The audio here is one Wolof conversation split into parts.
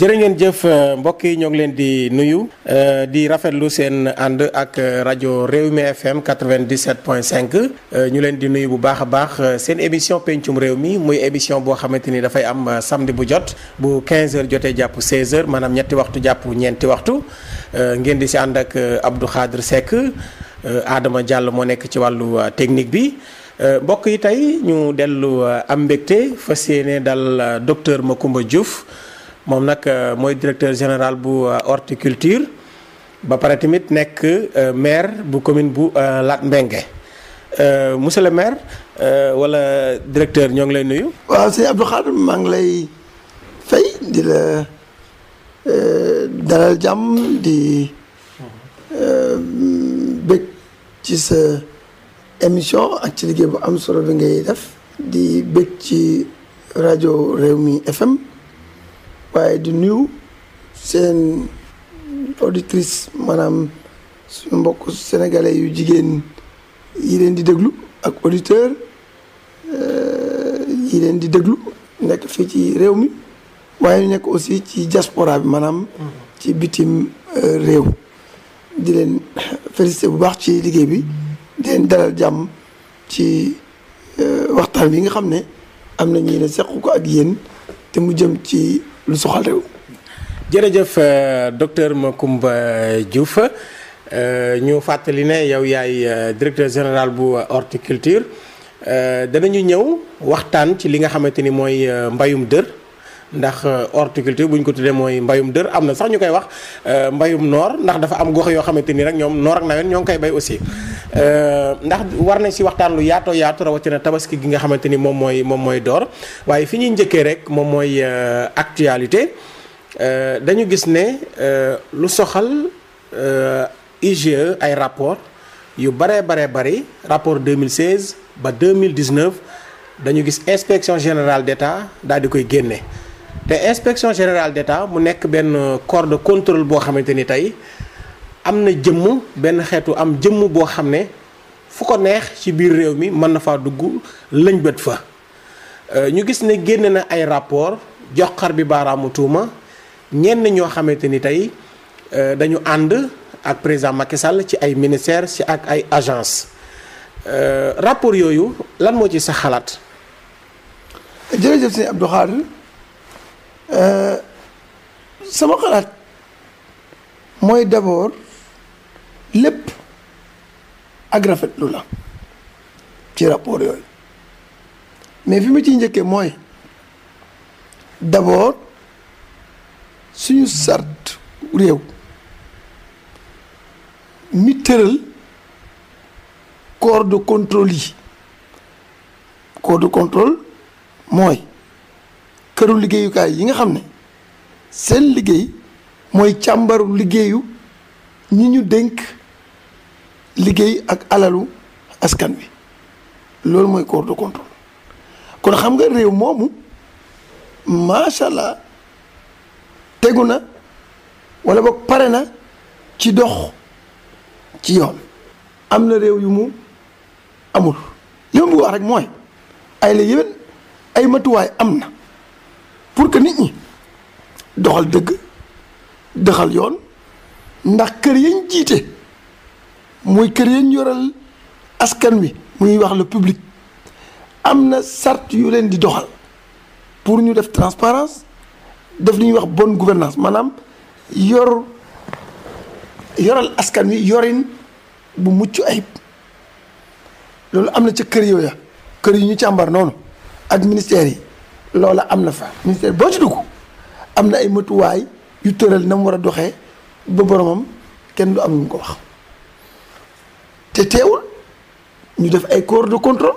jërë ngeen jëf euh, mbokk yi ñoo ngi leen di nuyu euh, di rafetlu seen ànd ak rajo réew Rewmi FM 97.5 euh, ñu leen di nuyu bu baax a baax seen émission pencum réew mi muy émission boo xamante ni dafay am samedi bu jot bu 15h jotee jàpp 16h maanaam ñetti waxtu jàpp ñeenti waxtu ngeen di si ànd ak Abdou Khadre Seck aadama jàll moo nekk ci wàllu technique bi. mbokk yi tey ñu dellu am mbégte fas yéene dal docteur Macoumba Diouf. moom nag euh, mooy directeur général bu euh, horticulture ba pare tamit nekk euh, maire bu commune bu Lat Mbengue monsieur le maire wala directeur ñoo ngi lay nuyu. waaw sëñ Abdou Khadre maa ngi lay fay di la dalal jàmm di bëgg ci sa émission ak ci liggéey bu am solo bi ngay def di bëgg ci rajo Rewmi FM. waaye di nuyu seen auditrice maanaam suñu mbokk sénégalais yu jigéen yi leen di déglu ak auditeur euh, yi leen di déglu nekk fii ci réew mi waaye nekk aussi ci diaspora bi maanaam ci bitim euh, réew di leen félicité bu baax ci liggéey bi di leen dalal jàmm ci euh, waxtaan bi nga xam ne am na ñu ne sequ ko ak yéen te mu jëm ci lu soxal réew. jërëjëf euh, docteur Macoumba Diouf euh, ñu fàttali ne yow yaay euh, directeur général bu culture horticulture danañu ñëw waxtaan ci li nga xamante ni mooy mbayum dër ndax horticulture bu ñu ko tuddee mooy mbayum dër am na sax ñu koy wax mbayum noor ndax dafa am gox yoo xamante ni rek ñoom noor ak nawet ñoo ngi koy bay aussi. Euh, ndax war nañ si waxtaan lu yaatoo yaatu na tabaski gi nga xamante ni moom mooy moom mooy door waaye fi ñuy njëkkee rek moom mooy euh, actualité euh, dañu gis ne lu soxal IGE ay rapport yu baree baree bari rapport 2016 ba 2019 dañu gis inspection générale d'État daal di koy génne te inspection général d'État mu nekk benn corps de contrôle boo xamante ni tey am na jëmm benn xeetu am jëmm boo xam ne fu ko neex ci biir réew mi mën na faa dugg lëñbët fa euh, ñu gis ne génn na ay rapport jox xar bi baaraamu tuuma ñenn ñoo xamante ni tey euh, dañu ànd ak président Macky Sall ci ay ministères ci ak ay agences euh, rapport yooyu lan moo ci sa xalaat. jërëjëf sëñ Abdou Khadre sama xalaat mooy d'abord. lépp ak rafetlu la ci rapport yooyu mais fi ma ciy njëkkee mooy d'abord suñu sart réew mi tëral corps de control yi corps de contrôle mooy këru liggéeyukaay yi nga xam ne seen liggéey mooy càmbaru liggéeyu ñi ñu dénk liggéey ak alalu askan wi loolu mooy corps de contrôle kon xam nga réew moomu macha allah tegu na wala boog pare na ci dox ci yoon am na réew yu mu amul li ma bëgg wax rek mooy ay la yéwén ay matuwaay am na pour que nit ñi doxal dëgg doxal yoon ndax kër yañ jiite mooy kër yañ yoral askan wi mu ñuy wax la public am na sart yu leen di doxal pour ñu def transparence def lu ñuy wax bon gouvernance maanaam yor yoral askan wi yorin bu mucc ayib loolu am na ca kër yooya kër yi ñu càmbar noonu ak ministère yi loola am na fa ministère boo ci dugg am na ay matuwaay yu tëral na mu war a doxee ba boromam kenn du am lu mu ko wax te teewul ñu def ay corps de contrôle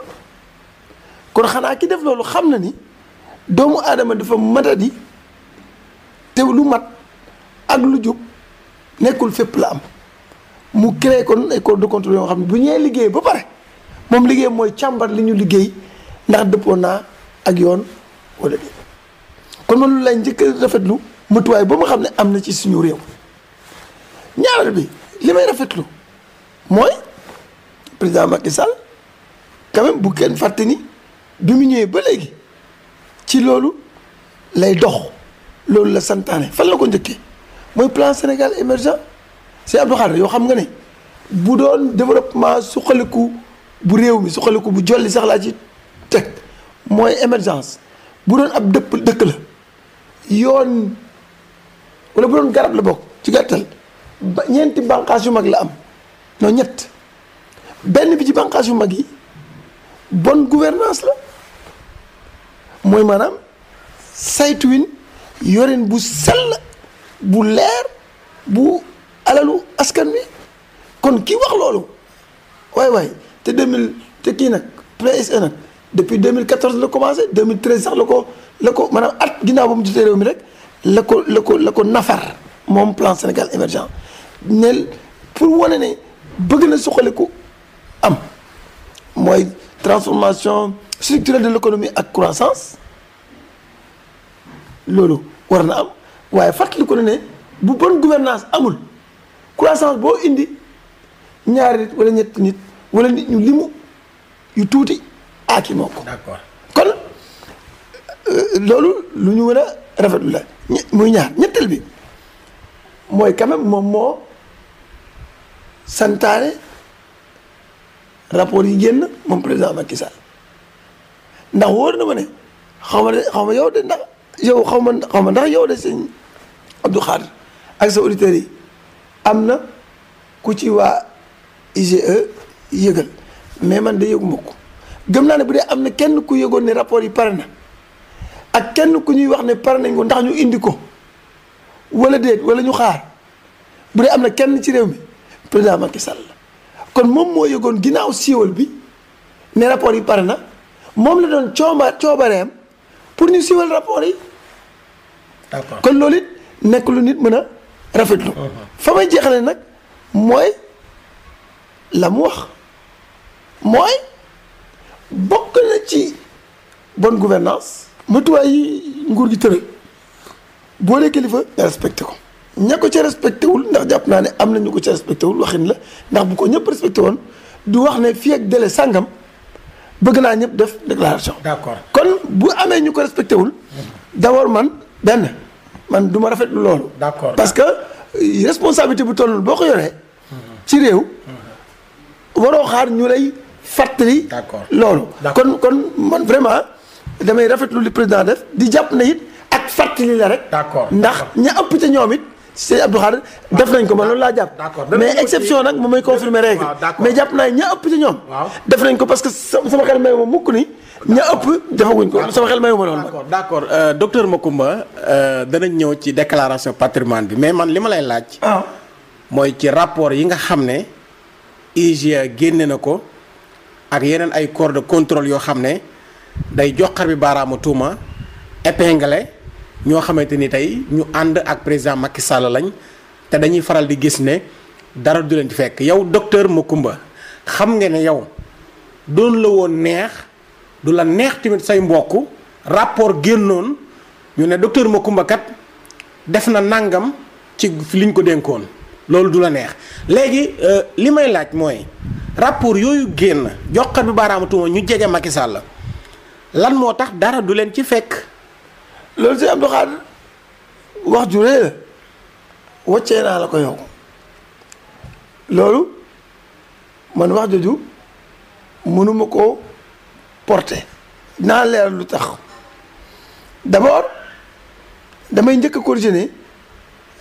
kon xanaa ki def loolu xam na ni doomu aadama dafa matadi te lu mat ak lu jub nekkul fépp la am mu créé kon ay corps de contrôle yoo xam ne bu ñee liggéey ba pare moom liggéey mooy càmbar li ñu liggéey ndax dëppoo naa ak yoon wala déet kon man lu lay njëkk rafetlu matuwaay ba mu xam ne am na ci suñu réew ñaareel bi li may rafetlu mooy. président Macky Sall quand même bu kenn fàttani ni bi mu ñëwee ba léegi ci loolu lay dox loolu la santaane fan la ko njëkkee mooy plan Sénégal émergent si Abdou Khadre yoo xam nga ne bu doon développement suqaliku bu réew mi suqaliku bu jolli sax laa ci teg mooy émergence bu doon ab dëpp dëkk la yoon wala bu doon garab la bokk ci gàttal ñeenti bànqaas yu mag la am non ñett benn bi ci bànqaas yu mag yi bon gouvernance la mooy maanaam saytuwin yorin bu sell bu leer bu alalu askan bi kon kii wax loolu waaye waay te 2000 te kii nag PSE nag depuis 2014 la commencé 2013 sax la ko la ko maanaam at ginnaaw ba mu jotee réew mi rek la ko la ko nafar moom plan Sénégal émergent neel pour wane ne bëgg na suqaliku am mooy transformation structurelle de l'économie ak croissance loolu war na am waaye fàttali ko ne ne bu bonne gouvernance amul croissance boo indi ñaari nit walla ñetti nit wala nit ñu limu yu tuuti aaki ah, moo kon euh, loolu lu ñu war a rafetlu la muy ñaar ñetteel bi mooy quand même moom moo santaane. rapport yi génn moom président Macky Sall ndax wóor na ma xaw ma ne xaw ma yow de ndax yow xaw ma xaw ma ndax yow de sëñ Abdou ak sa auditeurs yi am na ku ci waa yëgal mais man de yëgu ma gëm naa ne bu dee am na kenn ku yëgoon ne rapport yi pare na ak kenn ku ñuy wax ne pare nañ ko ndax ñu indi ko wala déet wala ñu xaar bu dee am na kenn ci réew mi président Macky Sall kon moom moo yëgoon ginnaaw siiwal bi ne rapport yi pare na moom la doon cooba coobareem pour ñu siiwal rapport yi. kon loolu it nekk lu nit mën a rafetlu. Uh-huh. fa may jeexale nag mooy la mu wax mooy bokk na ci bonne gouvernance matuwaay yi nguur gi tëral boo dee kilifa nga respecté ko. ña ko ca respecté wul ndax jàpp naa ne am na ñu ko ca respecté wul waxin la ndax bu ko ñëpp respecté woon du wax ne fii ak délai sàngam bëgg naa ñëpp def déclaration. d'accord kon bu amee ñu ko respecté wul. d'abord man benn man duma ma rafetlu loolu. d'accord parce que responsabilité bu toll boo ko yoree. ci réew. waroo xaar ñu lay fàttali. d'accord loolu. kon kon man vraiment damay rafetlu li président def di jàpp na it ak fàttali la rek. d'accord ndax ña ëpp ca ñoom it. sëñ Abdou Khadre def nañ ko ma loolu laa jàpp. mais exception nag moom mooy confirmer règle mais jàpp naa ña ëpp ci ñoom. def nañ ko parce que sama xel mayu ma mukk ni. ña ëpp defaguñ ko sama xel mayu ma loolu. d' accord euh, docteur Macoumba euh, danañ ñëw ci déclaration patrimoine bi mais man li ma lay laaj. Ah. mooy ci rapport yi nga xam ne IGE génne na ko ak yeneen ay corps de contrôle yoo xam ne day jox xar bi baaraamu tuuma épinglé. ñoo xamante ni tey ñu ànd ak président Macky Sall lañ te dañuy faral di gis ne dara du leen ci fekk yow docteur Macoumba xam nga ne yow doon la woon neex du la neex timit say mbokk rapport génnoon ñu ne docteur ma kat def na nangam ci liñ ko dénkoon loolu du la neex léegi euh, li may laaj mooy rapport yooyu génn joxat bi baaraamatu ma ñu jege Macky Sall lan moo tax dara du leen ci fekk. loolu si Abdou Khadre wax ju rëy la wàccee naa la ko yow loolu man wax jooju mënuma koo porter naa leer lu tax d'abord damay njëkk a corriger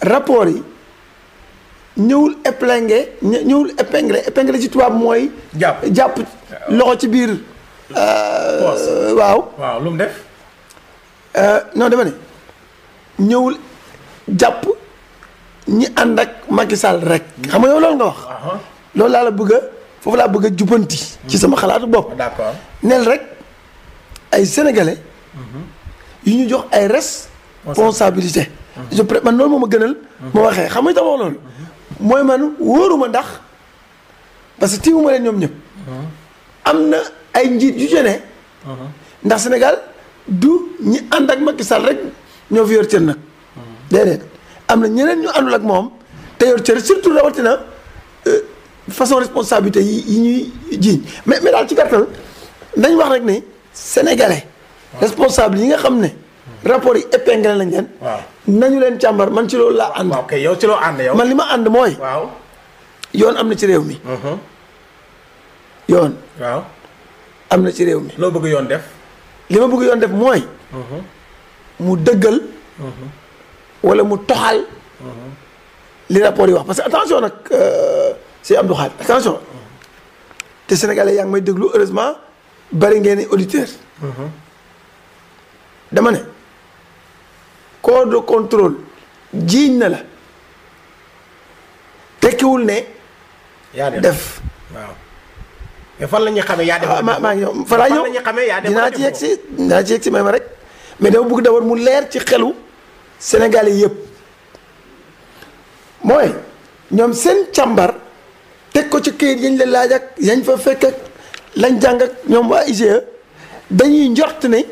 rapport yi ñëwul épinglé ñëwul épinglé épinglé ci tubaab mooy. jàpp loxo ci biir. waaw waaw Euh, non dama ne ñëwul jàpp ñi ànd ak Macky Sall rek xam nga yow loolu nga wax. Uh-huh. loolu laa la bëgg a foofu laa bëgg a jubbanti. Hmm. ci sama xalaatu bopp. Ah, d'accord neel rek ay sénégalais. Mm-hmm. yu ñu jox ay responsabilité mm-hmm. je pré man loolu moo ma gënal. Mm-hmm. ma waxee xam nga tax wax loolu. mooy man wóoruma ndax parce que tiimu ma leen ñoom ñëpp. am na ay njiit yu jëne ndax Sénégal. du ñi ànd ak Macky Sall rek ñoo fi yor cër nag. déedéet am na ñeneen ñu àndul ak moom te yor cër surtout rawatina euh, façon responsabilité yi yi ñuy jiiñ mais mais daal ci gàttal dañ wax rek ni sénégalais. responsable yi nga xam ne. rapport yi épinglé nañ leen. nañu leen càmbar man ci loo laa ànd. yow ci loo ànd man li ma ànd mooy. waaw yoon am na ci réew mi. Uh-huh. yoon. am na ci réew mi. loo bëgg yoon def. li ma bëgg yoon def mooy. mu dëggal. wala mu toxal. li rapport yi wax parce que attention nag euh, si Abdou Khadre attention. te sénégalais yaa ngi may déglu heureusement bari ngeen i dama ne corps de contrôle jiiñ na la tekkiwul ne. yaa def fan la ñuy xamee yaa defal ah, ma maa ngi ñëw fa laa ñëw dinaa ci yegg si dinaa may ma rek mais dama bëgg d'abord mu leer ci xelu Sénégalais yëpp mooy ñoom seen càmbar teg ko ci këyit yañ la laaj ak yañ fa fekk lañ jàng ak ñoom waa IGE dañuy njort ne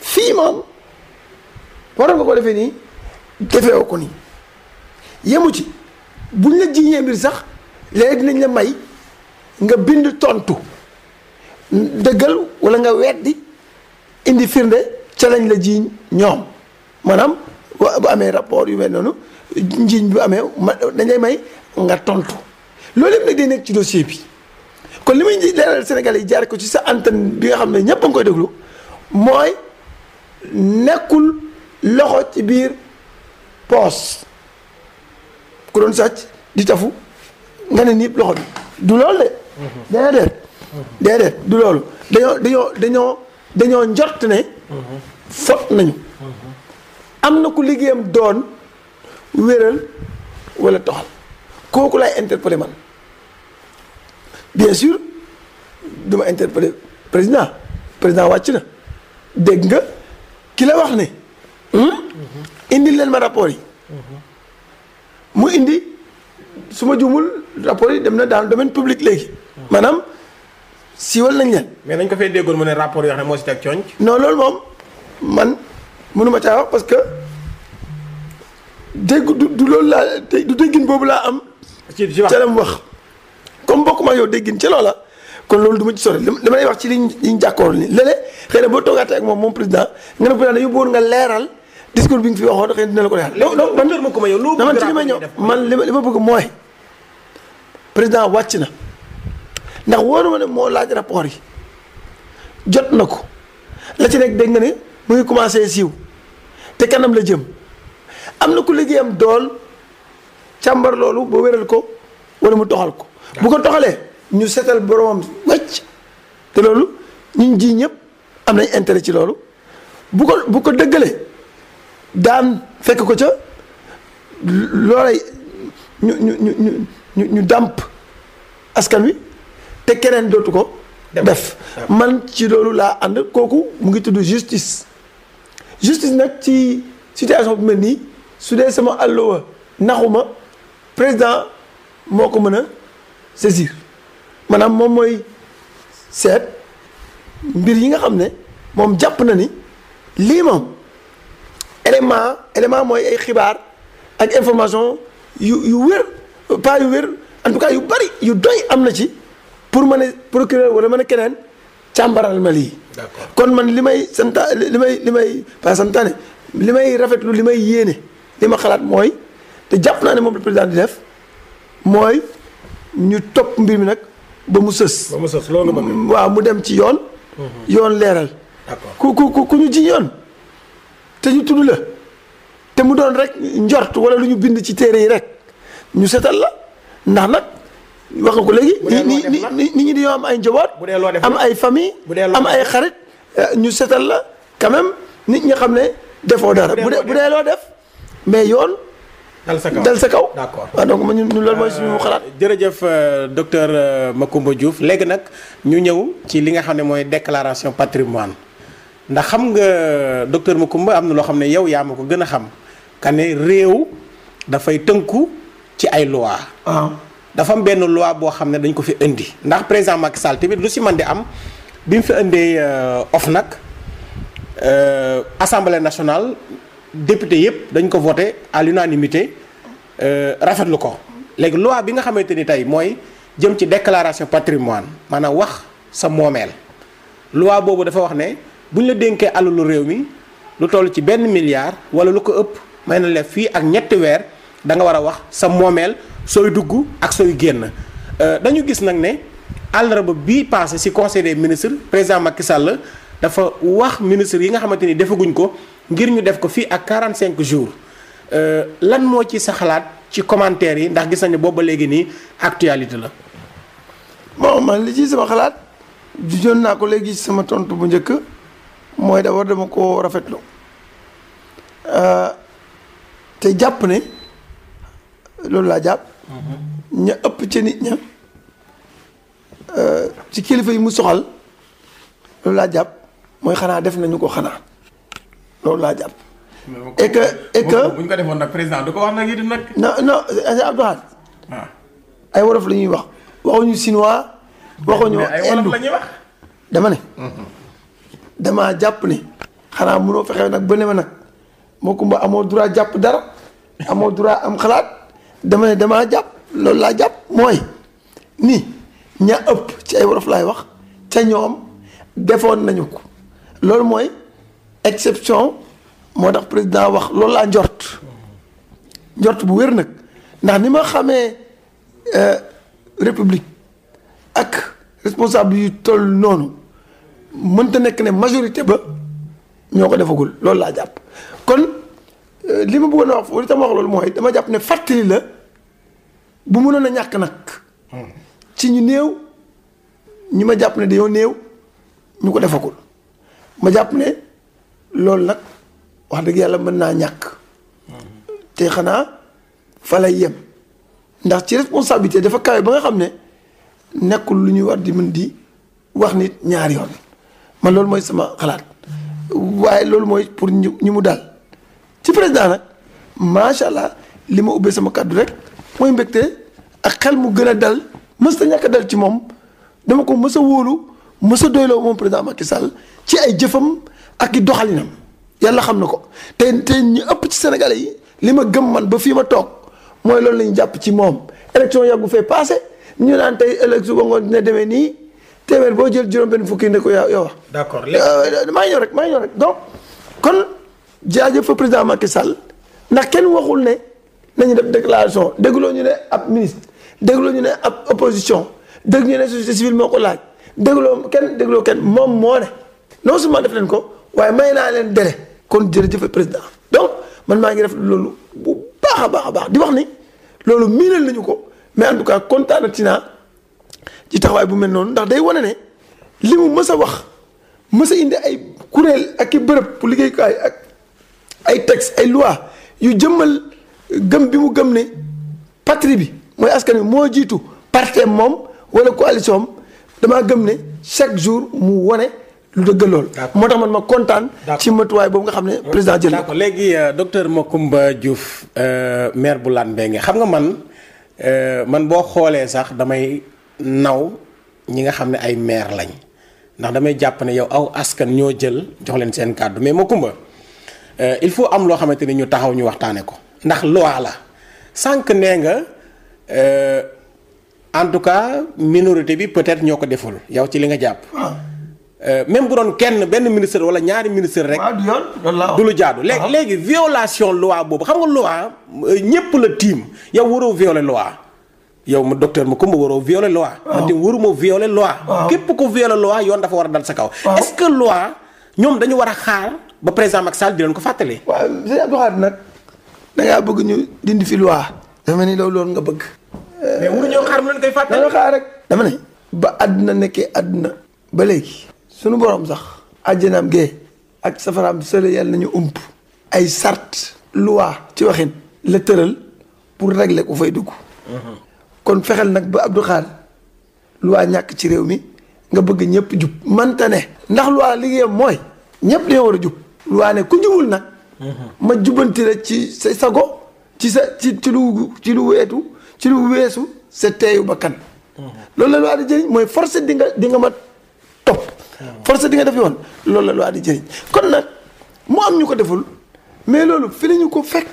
fii moom waroon nga ko defee nii defeewoo ko nii yemu ci buñ la jiiñee mbir sax léegi dinañ la may. nga bind tontu dëggal wala nga weddi indi firnde ca lañ la jiiñ ñoom maanaam bu amee rapport yu mel noonu njiiñ bu amee ma lay may nga tontu loolu yëpp nag day nekk ci dossier bi kon li may leeral Sénégalais yi jaar ko ci sa antenne bi nga xam ne ñëpp a ngi koy déglu mooy nekkul loxo ci biir poos ku doon sàcc di tafu nga ne niib loxo bi du loolu de. Mm-hmm. déedéet. Mm-hmm. déedéet du loolu dañoo dañoo dañoo dañoo njort ne. Mm-hmm. fot nañu. am na ku liggéeyam doon wéral wala toxal kooku lay interpellé man bien sûr duma interpellé président président wàcc na dégg nga ki la wax ne. Hmm? indi leen ma rapport yi. mu indi su ma juumul rapport yi dem na dans le domaine public léegi. maanaam siiwal nañ leen. mais ko fee déggoon mu ne rapport yoo moo si teg cooñ. non loolu moom man mënuma caa wax parce que dégg du du loolu laa du déggin boobu laa am. ci ci wax ca la mu wax. comme bokkuma yow déggin ca loola kon loolu du ma ci sori li ma lay wax ci liñ liñ jàkkoor ni léeg boo toogaatee ak moom moom président nga ne président dañu bëggoon nga leeral. discours bi nga fi waxoon xëy na dina la ko leeral. léegi loolu man man ci li ma ñëw man li ma bëgg mooy président wàcc na. ndax wóor ma moo laaj rapport yi jot na ko la ci nekk dégg nga ne mu ngi commencé siiw te kanam la jëm am na ku liggéeyam dool càmbar loolu ba wéral ko wala mu toxal ko bu ko toxalee ñu seetal boromam wecc te loolu ñu ji ñëpp am nañ intere ci loolu bu ko bu ko dëggalee daan fekk ko ca loolay ñu ñu ñu ñu ñu dàmp askan wi te keneen dootu ko def man ci loolu laa ànd kooku mu ngi tudd justice justice nag ci situation bu mel nii su dee sama allowa naxuma président moo ko mën a saisir maanaam moom mooy seet mbir yi nga xam ne moom jàpp na ni lii moom élément élément mooy ay xibaar ak information yu yu wér pas yu wér en tout cas yu bari yu doy am na ci pour ma ne procureur wala ma ne keneen càmbaral ma lii. kon man li may santa li may li may pas santaane li may rafetlu li may yéene li ma xalaat mooy te jàpp naa ne moom la président di def mooy ñu topp mbir mi nag ba mu sës. ba mu sës waaw mu dem ci yoon. Mhm. yoon leeral. ku ku ku ñu ji yoon te ñu tudd la te mu doon rek njort wala lu ñu bind ci téere yi rek ñu setal la ndax nag. wax nga ko léegi. ni nit ñi di am ay njaboot. am ay famille. am ay xarit eh, ñu setal la quand même nit ñi xam ne defoo dara. bu dee bu dee loo def mais yoon. dal sa kaw dal sa kaw. d'accord waaw ah, donc ñun loolu mooy suñu euh, xalaat. jërëjëf euh, docteur euh, Macoumba Diouf léegi nag ñu ñëw ci li nga xam ne mooy déclaration patrimoine ndax xam nga docteur Macoumba am na loo xam ne yow yaa ma ko gën a xam ka ne réew dafay tënku ci ay loi ah. dafa am benn loi boo xam ne dañ ko fi indi ndax président Macky Sall tamit lu si man di am bi mu fi indee euh, OFNAC euh, assemblée nationale député yëpp dañ ko voté à l'unanimité euh, rafetlu ko léegi loi bi nga xamante ni tey mooy jëm ci déclaration patrimoine maanaam wax sa moomeel loi boobu dafa wax ne bu ñu la dénkee alalu réew mi lu toll ci benn milliard wala lu ko ëpp may na la fii ak ñetti weer da nga war a wax sa moomeel sooy dugg ak sooy génn euh, dañu gis nag ne àllarba bii passé si conseil des ministres président Macky Sall dafa wax ministre yi nga xamante ni defaguñ ko ngir ñu def ko fii ak quarante cinq jours euh, lan moo ci sa xalaat ci commentaire yi ndax gis nañu booba léegi nii actualité la. bon man li ci sama xalaat jujoon naa ko léegi sama tontu bu njëkk mooy d'abord dama ko rafetlu euh, te jàpp ne loolu laa jàpp. ña ëpp ca nit ña euh, ci kilifa yi mu soxal loolu laa jàpp mooy xanaa def nañu ko xanaa loolu laa jàpp. et que et que bu ko defoon nag président du ko wax nag itam nag. non ah. ay wolof la ñuy wax waxuñu chinois. waxuñu indu la ñuy wax. dama ne. Mhm. damaa jàpp ne. xanaa mënoo fexe nag ba ne ma nag moo kumba amoo droit jàpp dara amoo droit am xalaat. dama damaa jàpp loolu laa jàpp mooy ni ña ëpp ci ay wolof laay wax ca ñoom defoon nañu ko loolu mooy exception moo tax président wax loolu laa njort njort bu wér nag ndax ni ma xamee euh, république ak responsable yu toll noonu mënta nekk ne majorité ba ñoo ko defagul loolu laa jàpp kon euh, li ma bëggoon a wax foofu li tax wax loolu mooy dama jàpp ne fàttali la bu mënoon a ñàkk nag ci ñu néew ñi ma jàpp ne dañoo néew ñu ko defakul ma jàpp ne loolu nag wax dëgg yàlla mën naa ñàkk te xanaa fa lay yem ndax ci responsabilité dafa kawe ba nga xam ne nekkul lu ñuy war di mën di wax nit ñaari yoon man loolu mooy sama xalaat waaye loolu mooy pour ñu ñu mu daal ci président nag macha allah li ma ubbee sama kàddu rek. mooy mbegte ak xel mu gën a dal mës ta ñàkk a dal ci moom dama ko mësa a wóolu mës a doyloo moom président Macky Sall ci ay jëfam ak i doxalinam yàlla xam na ko te te ñu ëpp ci Sénégalais yi li ma gëm man ba fii ma toog mooy loolu la jàpp ci moom. élection yàggu fee passé ñu naan tey élection ba ngoon dina demee nii téeméer boo jël juróom-benn fukki ne ko yow yow. d'accord euh, léegi maa ngi rek maa ngi ñëw rek donc kon jaajëf fa président Macky Sall ndax kenn waxul ne. nañu def déclaration dégloo ñu ne ab ministre dégloo ñu ne ab opposition dégg ñu ne société civile moo ko laaj dégloo kenn dégloo kenn moom moo ne non seulement def leen ko waaye may naa leen délai kon jërëjëf président donc man maa ngi def loolu bu baax a baax a baax di wax ni loolu miinal nañu ko mais en tout cas kontaanati naa ci taxawaay bu mel noonu ndax day wane ne li mu mës a wax mës a indi ay kuréel ak i bërëb pour liggéeyukaay ak ay texte ay loi yu jëmmal. gëm bi mu gëm ne patri bi mooy askan bi moo jiitu parti moom wala coalition am damaa gëm ne chaque jour mu wane lu dëgg lool. moo tax man ma kontaan. ci matuwaay boobu nga xam ne président jël ko léegi euh, docteur Macoumba Diouf euh, maire bu ngi xam nga man euh, man boo xoolee sax damay naw ñi nga xam ne ay maire lañ ndax damay jàpp ne yow aw askan ñoo jël jox leen seen kàddu mais Macoumba il faut am loo xamante ni ñu taxaw ñu waxtaanee ko. ndax loi la sànq nee nga euh, en tout cas minorité bi peut-être ñoo ko deful yow ci li nga jàpp. Euh, même bu doon kenn benn ministre wala ñaari ministre rek. du lu jaadu léegi ah. léegi violation loi boobu xam nga loi euh, ñépp la tiim yow waroo violer loi. yow ma docteur ma kumba waroo violer loi. Ah. man tamit waruma violer loi. Ah. képp ko violer loi yoon dafa war a dal sa kaw. est-ce que loi ñoom dañu war a xaar ba président Macky Sall di leen ko fàttali. da ngaa bëgg ñu dindi fi loi. dafa mel ni nga bëgg. mais waruñoo xaar dama ne. ba àdduna nekkee àdduna. ba léegi. sunu borom sax. àjjanaam gee. ak safaraam sële yàlla nañu ump. ay sart. loi ci waxin. la tëral pour régler ku fay dugg. kon fexeel nag ba Abdou Khadre loi ñàkk ci réew mi nga bëgg ñëpp jub. mante ne. ndax loi liggéeyam mooy. ñëpp dañoo war a jub. loi ne ku jubul nag. ma jubbanti la ci sa sago ci sa ci ci lu ci lu weetu ci lu weesu sa teeyu bakkan loolu la loi di jëriñ mooy force di nga di nga ma topp force di nga def yoon loolu la loi di jëriñ kon nag mu am ñu ko deful mais loolu fi la ko fekk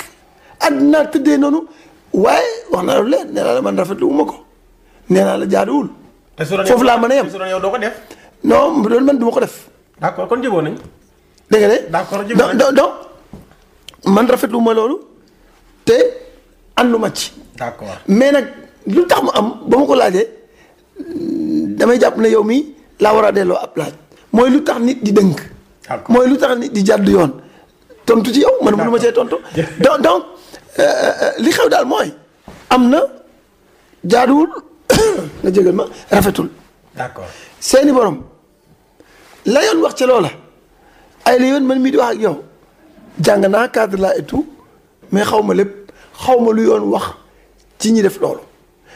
àddina tëddee noonu waaye wax naa la leen nee naa la man rafetlu wu ma ko nee naa la jaaduwul. foofu laa mën a yem te doo ko def. non loolu man du ma ko def. d'accord kon jubóo nañ. dégg nga de. d'accord jubóo nañ man rafetlu ma loolu te ànduma ci. d'accord mais nag lu tax mu am ba ma ko laajee damay jàpp ne yow mi laa war a delloo ab laaj mooy lu tax nit di dënk. mooy lu tax nit di jàdd yoon tontu ci yow. man mënu ma cee tontu. donc donc euh, euh, li xew daal mooy. am na jaaduwul nga jégal ma rafetul. d'accord seeni borom la wax ci loola ay la yoon man mii di wax ak yow. jàng naa cadre la et mais xaw ma lépp xaw ma lu yoon wax ci ñi def loolu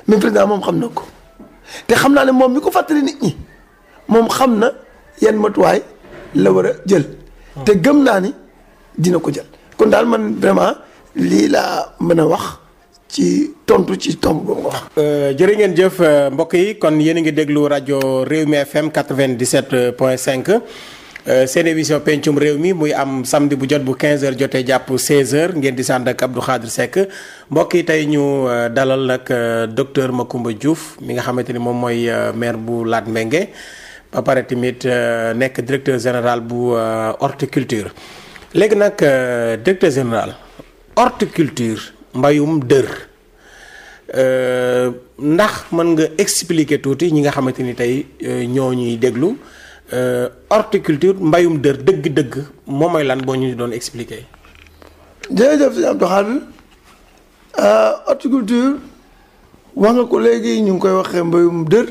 mais président moom xam na ko te xam naa ne moom mi ko fàttali nit ñi moom xam na yan matuwaay la war a jël. Ah. te gëm naa ni dina ko jël. kon daal man vraiment lii laa mën a wax ci tontu ci tomb boobu nga wax. Euh, jërë ngeen jëf euh, mbokk yi kon yéen a ngi déglu rajo Rewmi FM 97 point cinq Euh, seen émission pencum réew mi muy am samedi bu jot bu 15h jotee jàpp 16 heure ngeen di sànd ak Abdou Khadre Seck mbokk yi tey ñu euh, dalal nag euh, docteur Macoumba Diouf mi nga xamante ni moom mooy maire bu laat Latmingué ba pare tamit nekk directeur général bu horticulture. léegi nag directeur général horticulture mbayum dër ndax mën nga expliquer tuuti ñi nga xamante ni tey ñoo ñuy déglu. Euh, horticulture mbayum dër dëgg-dëgg moom mooy lan boo ñu doon expliquer. jërëjëf si Abdou Khadir euh, horticulture wax nga ko léegi ñu ngi koy waxee mbayum dër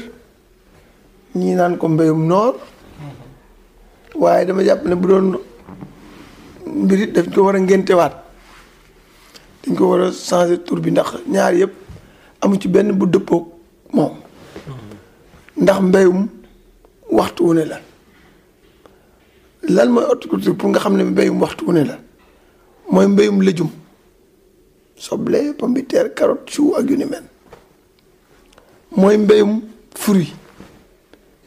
ñii naan ko mbayum noor waaye dama jàpp ne bu doon mbir it dañ ko war a ngéntewaat dañ ko war a changer tour bi ndax ñaar yëpp amu ci benn bu dëppook moom ndax mbayum waxtu wu ne la lan mooy horticulture pour nga xam ne mbéyum waxtu wu ne la mooy mbéyum lëjum soble pomme de terre ak yu ni mel mooy mbéyum fruit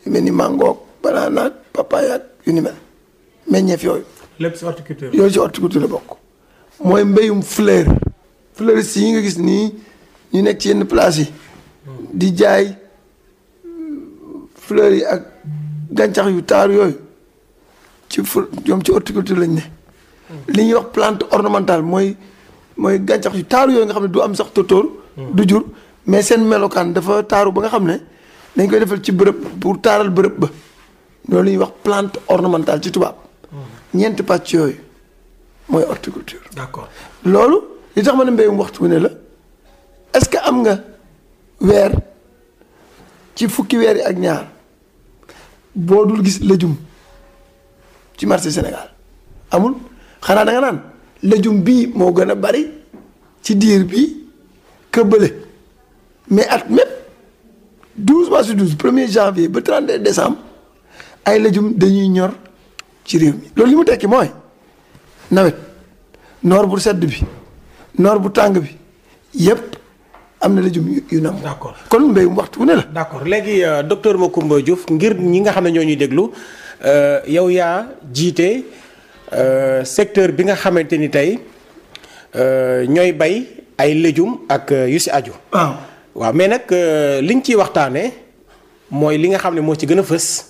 yu mel ni mangoog banaana ak papaya ak yu yooyu. lépp ci la bokk. mooy mbéyum fleur fleuriste yi nga gis nii ñu nekk ci yenn place yi. Hmm. di jaay euh, fleurs yi ak. gàncax yu taar yooyu ci fu ñoom ci horticulture lañ ne. li ñuy wax plante ornementale mooy mooy gàncax yu taaru yooyu nga xam ne du am sax tótóor. du jur mais seen melokaan dafa taaru ba nga xam ne dañ koy defal ci bërëb pour taaral bërëb ba loolu li ñuy wax plante ornementale ci tubaab. ñeenti pàcc yooyu mooy horticulture. d'accord loolu li tax ma ne mbéyum waxtu ne la est-ce que am nga weer ci fukki weer yi ak ñaar. boo dul gis légume ci marché Sénégal amul xanaa da nga naan légume bii moo gën a bari ci diir bi que mais at mépp douze mois sur douze premier janvier ba 31 décembre ay légume dañuy ñor ci réew mi loolu li mu tekki mooy nawet noor bu sedd bi noor bu tàng bi yépp am na lëjum yu nam d'accord kon mbéyum waxtu wu ne la. d'accord léegi euh, docteur Macoumba Diouf ngir ñi nga xam ne ñoo ñuy déglu euh, yow yaa jiite euh, secteur bi nga xamante ni tey ñooy bay ay lëjum ak yu si aju. Ah. waaw mais nag liñ ciy waxtaanee mooy li nga xam ne moo ci gën a fës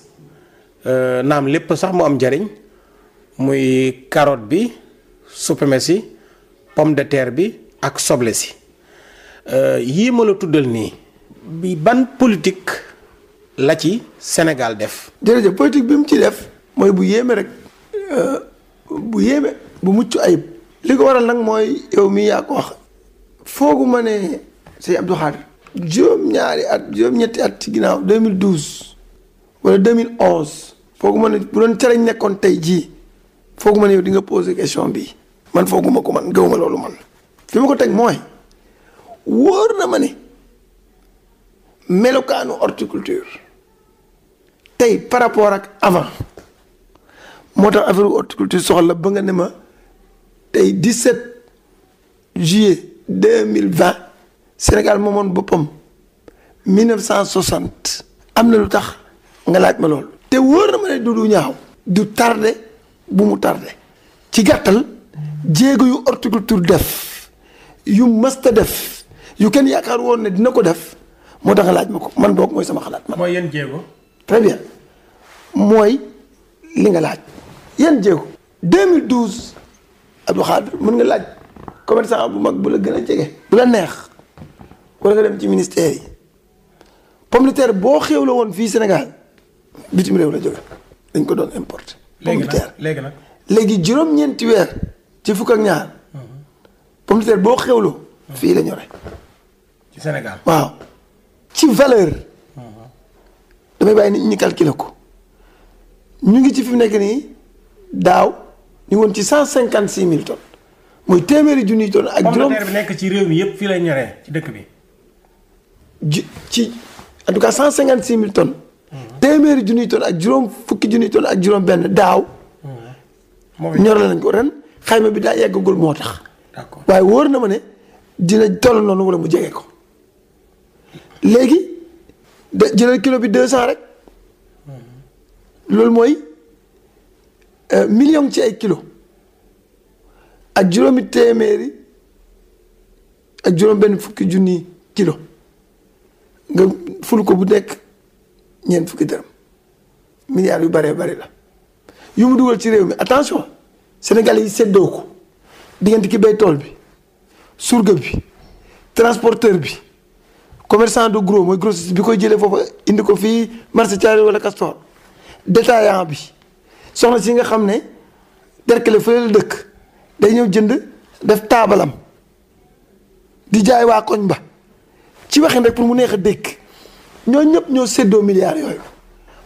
naam lépp sax mu am njariñ muy carotte bi supame si pomme de terre bi ak soble si. Euh, yii ma la tuddal nii bi ban politique la ci Sénégal def. jërëjëf politique bi mu ci def mooy bu yéeme rek euh, bu yéeme bu mucc ayib li ko waral nag mooy yow mii yaa ko wax foogu ma ne sëñ Abdou Khadre juróom-ñaari at juróom-ñetti at ci ginnaaw 2012 wala 2011 foogu ma ne bu doon cere nekkoon tey jii foogu ma ne yow di nga posé question bi man fooguma ma ko man gëwuma loolu man fi ma ko teg mooy. wóor na ma ne melokaanu horticulture tey par rapport ak avant moo tax affaire horticulture soxla ba nga ne ma tey 17 juillet 2020 Sénégal moomoon boppam 1960 am na lu tax nga laaj ma loolu. te wóor na ma ne du du ñaaw. du tardé bu mu tardé. ci gàttal jéego yu horticulture def yu mësta def. yu kenn yaakaar woon ne dina ko def moo tax laaj ma ko man boog mooy sama xalaat. mooy yan jéego. très bien mooy li nga laaj. yan jéego. 2012 Abdou Khadre mën nga laaj commerçant bu mag bu la gën a jege. bu la neex wala nga dem ci ministère yi pomme de terre boo xéwloo woon fii Sénégal bitim réew la jóge dañ ko doon importe pomme de terre léegi nag léegi juróom-ñeenti weer ci fukk ak ñaar. pomme de terre boo xéwloo. fii la ñore. ci waaw ci valeur. Uh-huh. damay bàyyi nit ñi calculer ko ñu ngi ci fi mu nekk nii daaw ñu woon ci cent cinquante six mille tonnes mooy téeméeri junniy tonnes. ak juróom ci réew mi yëpp fii lay ñoree ci dëkk bi. ji ci en cent cinquante six mille tonnes. Uh-huh. téeméeri junniy ak juróom fukki junniy tonnes ak juróom benn daaw. Uh-huh. ñor la nañ ko ren xayma bi daa yeggagul moo tax. waaye wóor na ma ne dina toll noonu wala mu jege ko. léegi de jëlal kilo bi deux cent rek loolu mooy euh, million ci ay kilo ak juróomi téeméeri ak juróom benn fukki junni kilo nga ful ko bu nekk ñeent fukki dërëm milliards yu bëree bëri la yu mu dugal ci réew mi attention sénégal yi seddoo ko diggante ki bay tool bi surga bi transporteur bi commerçant de gros mooy grossiste bi koy jëlee foofu indi ko fii marché Thiaroye wala Castor détaillant bi soxna si nga xam ne derkale fële la dëkk day ñëw jënd def taabalam di jaay waa koñ ba ci waxin rek pour mu neex a dégg ñoo ñëpp ñoo seddoo milliards yooyu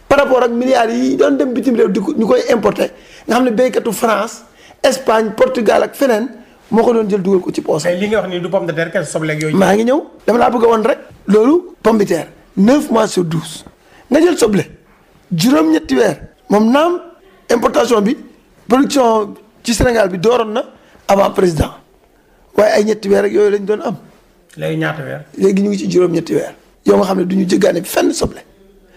par rapport ak milliards yi doon dem bitim réew di ko ñu koy importer nga xam ne béykatu France Espagne Portugal ak feneen moo ko doon jël dugal ko ci poosam. mais li nga wax nii du pomme de terre maa ngi ñëw dama laa bëgg a woon rek. loolu pomme de terre neuf mois sur douze nga jël soble juróom-ñetti weer moom naam importation bi production ci Sénégal bi dooroon na avant président waaye ay ñetti weer ak yooyu lañ doon am. léegi ñaata weer. léegi ñu ngi ci juróom-ñetti weer yow nga xam ne du ñu jëggaane bi fenn soble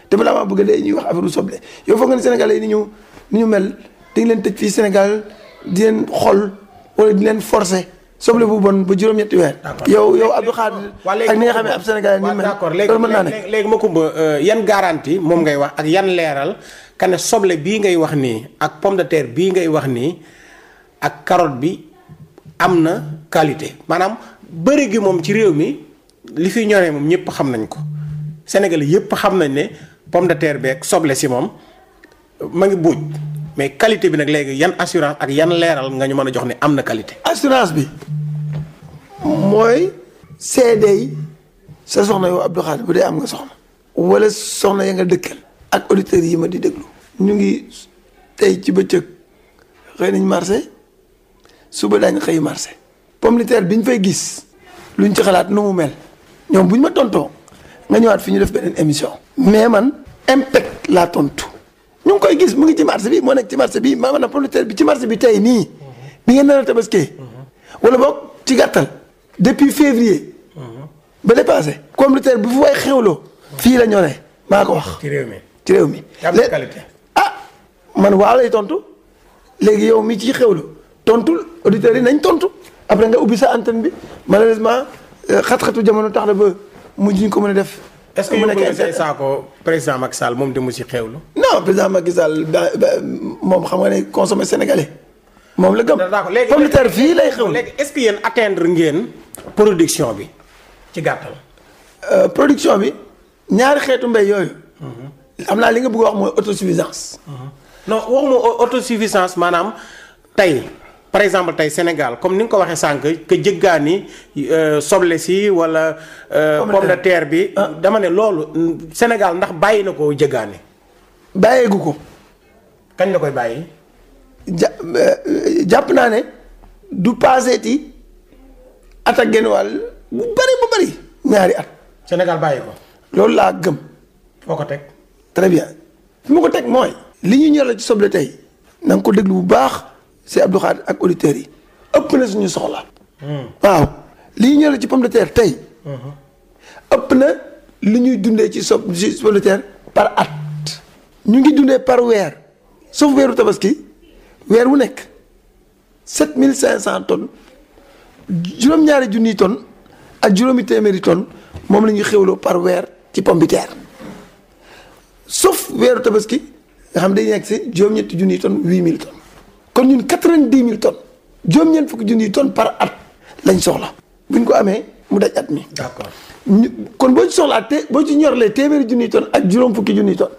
dama laa bëgg léegi ñuy wax affaire soble yow foog nga ne Sénégalais yi ni ñu ni ñu mel dañ leen tëj fii Sénégal di leen xool. wala di leen forcer soble bu bon ba juróom-ñetti weer. yow yow Abdou Khadre ak ni nga xam ne ab Sénégalais ni mel. d'accord léegi léegi Macoumba euh, yan garantie moom ngay wax ak yan leeral ka soble bii ngay wax nii ak pomme de terre bii ngay wax nii ak carotte bi am na qualité maanaam bëri gi moom ci réew mi li fi ñoree moom ñëpp xam nañ ko Sénégalais yëpp xam nañ ne pomme de terre beeg soble si moom ma ngi buuj. mais qualité bi nag léegi yan assurance ak yan leeral nga ñu mën a jox ni am na qualité. assurance bi mooy seede sa soxna yow Abdou Khadre bu dee am nga soxna. wala soxna ya nga dëkkal. ak auditeurs yi ma di déglu. ñu ngi tey ci bëccëg xëy nañ marché suba dañ xëy marché. pomme de bi ñu fay gis luñ ci xalaat nu mu mel ñoom bu ñu ma tontoo nga ñëwaat fi ñu def beneen émission. mais man impact laa tontu. ñu ngi koy gis mu ngi ci marché bi moo nekk ci marché bi maanaam producteur bi ci marché bi tey nii bi ngeen nar a tabaskee wala boog ci gàttal depuis février ba dépassé communautaire bu fu waay xewloo fii la ñoree maa ko wax ci réew mi ci réew mi ah man waaw lay tontu léegi yow mi ci xewlu tontu auditeurs yi nañ tontu après nga ubbi sa antenne bi malheureusement euh, xat-xatu jamono tax na ba mu ñu ko mën a def est-ce que yóbbu nga say saako président Macky saal moom demu si xewlu. non président Macky Sall daa moom xam nga ne consommé sénégalais moom la gëm. d'accord léegi pomme de terre fii lay xew. léegi est-ce que yen atteindre ngeen production bi ci gàttal. Euh, production bi ñaari xeetu mbéy yooyu. Mhm. am naa li nga bugg wax mooy autosuffisance. Mhm. non waxuma autosuffisance maanaam tey. par exemple tey Sénégal comme ni nga ko waxee sànq que jëggaani euh, soble si wala. Euh, pomme de terre bi ah. dama ne loolu Sénégal ndax bàyyi na ko jëggaani. bàyyeegu ko. kañ na koy bàyyi. Euh, jàpp naa ne du paaseeti at ak genn wàll bu bëri bu bëri ñaari at. Sénégal bàyyi ko. loolu laa gëm. foo ko teg. très fi mu ko teg mooy. li ñu ñor ci soble tey. na nga ko déglu bu baax. si Abdou Khadre ak auditeurs yi ëpp na suñu soxla. waaw li ñëw ci pomme de terre tey. ëpp na li ñuy dundee ci so ci pomme de terre par at. ñu ngi dundee par weer sauf weeru tabaski weer wu nekk sept mille cinq cent tonnes juróom-ñaari junniy tonnes ak juróomi téeméeri tonnes moom la ñuy xéwloo par weer ci pomme de terre weer weeru tabaski nga xam day nekk si juróom-ñetti junniy tonnes kon ñun quatre-vingt-dix mille tonnes juróom-ñeent fukki junniy tonnes par at lañ soxla ñu ko amee mu daj at mi. d'accord kon boo ci soxlaa te boo ci ñorlee téeméeri junniy tonnes ak juróom fukki junniy tonnes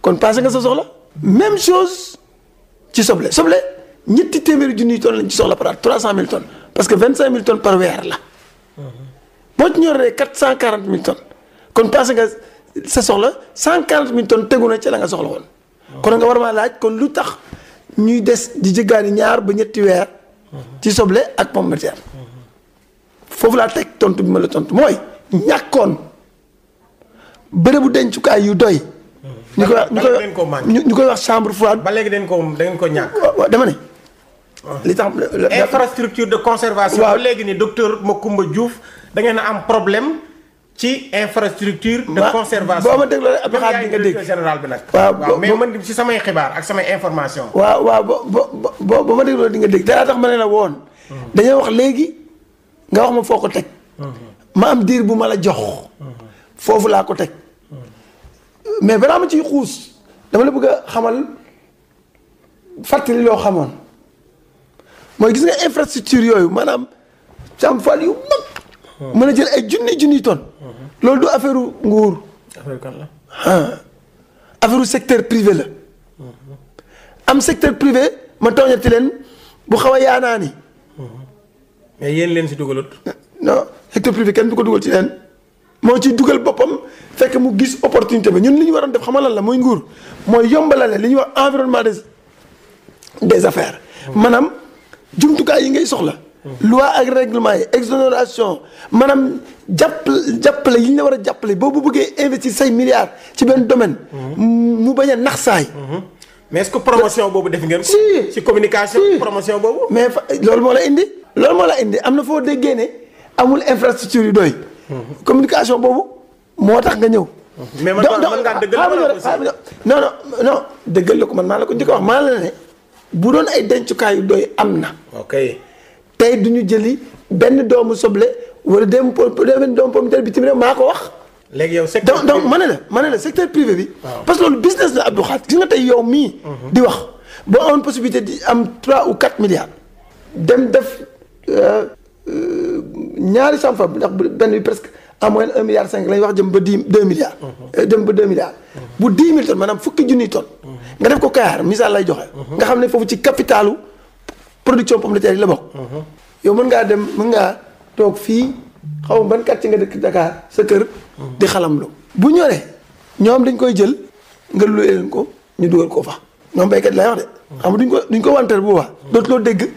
kon passé nga sa soxla. même chose ci soble soble ñetti téeméeri junniy lañ ci soxla par at trois cent mille que vingt cinq mille tonnes par weer la mhm. boo ci ñorlee cent quarante mille kon passé nga sa soxla cent quarante mille tonnes tegu na ci la nga soxla woon. kon nga war maa laaj kon lu tax. ñuy des di jëggaani ñaar ba ñetti weer ci soble ak pomme de terre foofu laa teg tontu bi ma la tontu mooy ñàkkoon bërëbu dencukaay yu doy. Hmm. ñu koy wax ñu koy wax chambre froide. ba léegi dañ ko da ngeen ñàkk. waaw ne. Hmm. li tax infrastructure de conservation. waaw ba léegi ni docteur ma Diouf da dangeen a am problème. ci infrastructure. de conservation boo ma dégloo rek Abdou Khadre nga dégg général bi nag. waaw mais man ci samay xibaar ak samay information waaw waaw bo bo boo ma dégloo di nga dégg dara tax ma ne na woon. Mhm. dañoo wax léegi nga wax ma foo ko teg. Mhm. ma am diir bu ma la jox. Mhm. foofu laa ko teg. mais balaa ma ciy xuus dama la bëgg a xamal fàttali loo xamoon mooy gis nga infrastructure yooyu maanaam càmm fàll yu mag. mën a jël ay junni junni tonnes. loolu du affaire nguur. affaire kan la. ah affaire secteur privé la. am secteur privé ma tooñati leen bu xaw a yaanaa ni mais yéen leen si dugalut. non secteur privé kenn du ko dugal ci leen moo ci dugal boppam fekk mu gis opportunité bi ñun li ñu waroon def xam la mooy nguur mooy yombalale li ñuy wax environnement des affaires. Hmm. maanaam jumtukaay yi ngay soxla. loi ak règlement yi exonération maanaam jàpp jàppale yi ñu la war a jàppale boo bu bëggee investir say milliards ci benn domaine. mu bañ a nax saay. Mhm. mais est promotion boobu def ngeen. si si communication promotion boobu. mais fa loolu moo la indi. loolu moo am na foo déggee ne amul infrastructure yu doy. Mhm. communication boobu moo tax nga ñëw. mais man man ngaa dëggal ah, ah, non non non dëggal la ko man maa la ko njëkk a wax maa la ne bu doon ay dencukaay yu doy am na. ok. tey du ñu jëli benn doomu soble wala dem benn doomu pomme de terre bitim réew maa ko wax. léegi yow secteur privé ma ne la ma ne la secteur privé bi. Ah. parce que loolu business la Abdou Khad gis tey yow mii. Mhm. di wax boo amoon possibilité di am 3 ou 4 milliards. dem def euh, ñaari chambre ndax benn bi presque en moyenne milliard 5 lañ wax jëm ba 10 2 milliards. Mhm. Euh, jëm ba 2 milliards. Mhm. bu 10 000 tonnes maanaam fukki junniy tonnes. nga def ko Kayar misaal lay joxe. nga xam ne foofu ci capitalu. production pomme de terre yi la bokk. Mhm. yow mën ngaa dem mën ngaa toog fii xaw ma ban quartier nga dëkk Dakar sa kër. Mhm. di xalamlu bu ñoree ñoo am dañ koy jël nga luwe leen ko ñu dugal ko fa ñoom béykat lay wax de. Mhm. xam nga duñ ko duñ ko wanteer bu baax. dootuloo dégg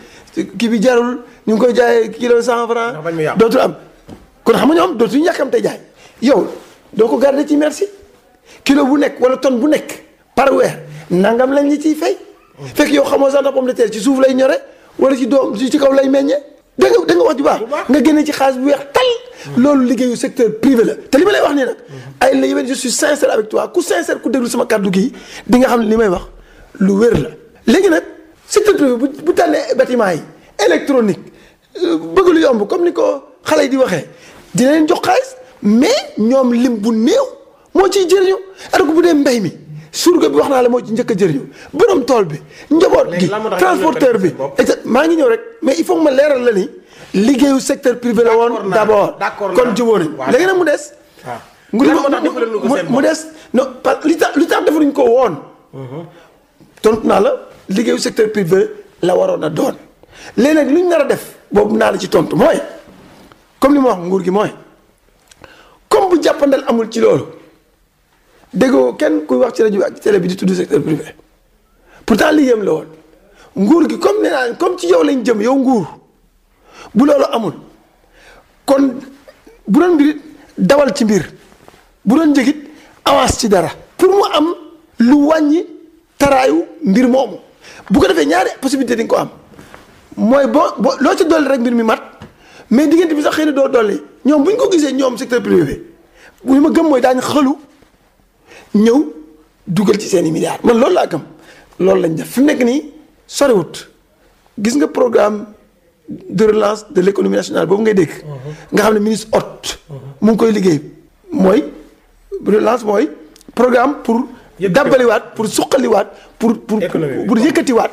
kii bi jarul ñu ngi koy jaayee kilo cent franc. dootul am kon xam nga ñoom dootuñu yàkkamte jaay. yow doo ko garder ci merci kilo bu nekk wala ton bu nekk par weer nangam lañ ñu ciy fey fekk yow xamoo sax pomme de terre ci suuf lay ñore. wala ci doom si ci kaw lay meññee da nga da nga wax ju baax nga génne ci xaalis bu weex tal loolu liggéeyu secteur privé la te li ma lay wax nii nag ay la yéwén je suis sincère avec toi sama kàddu gi di xam ne li may wax lu wér la léegi nag secteur privé bu bu tànnee bâtiment yi électronique euh, bëgg lu yomb comme ni ko xale yi di waxee dina leen jox xaalis mais ñoom lim bu néew moo ciy jëriñu alors que bu dee mbay mi surga bi wax naa la moo ci njëkk a jëriñu borom tool bi njaboot gi transporteur bi exact maa ngi ñëw rek mais il faut que ma leeral la ni liggéeyu secteur privé la woon d'abord kon jubóo nañ léegi nag mu des mu des non que li tax li tax defaruñ ko woon mhm. tontu naa la liggéeyu secteur privé la waroon a doon léegi nag lu ñu nar def boobu naa la ci tontu mooy comme li mu wax nguur gi mooy comme bu jàppandal amul ci loolu déggoo kenn kuy wax ci rajo ak télé bi di tudd secteur privé pourtant liggéeyam la woon nguur gi comme nee naa comme ci yow lañ jëm yow nguur bu loolu amul kon bu doon mbirit dawal ci mbir bu doon njëgit avance ci dara pour mu am lu wàññi taraayu mbir moomu bu ko defee ñaari possibilité di ko am mooy boo boo loo ci dolli rek mbir mi mat mais diggante bi sax xëy na doo dolli ñoom bu ñu ko gisee ñoom secteur privé bi li ma gëm mooy daañ xalu ñëw dugal ci seen i milliards man loolu laa gëm loolu lañ def fi mu nekk nii soriwut gis nga programme de relance de l' économie nationale boobu ngay dégg. Mhm. nga xam ne ministre Hott. Mhm. mu ngi koy liggéey mooy relance mooy programme pour. dàbbaliwaat pour suqaliwaat pour pour pour yëkkatiwaat.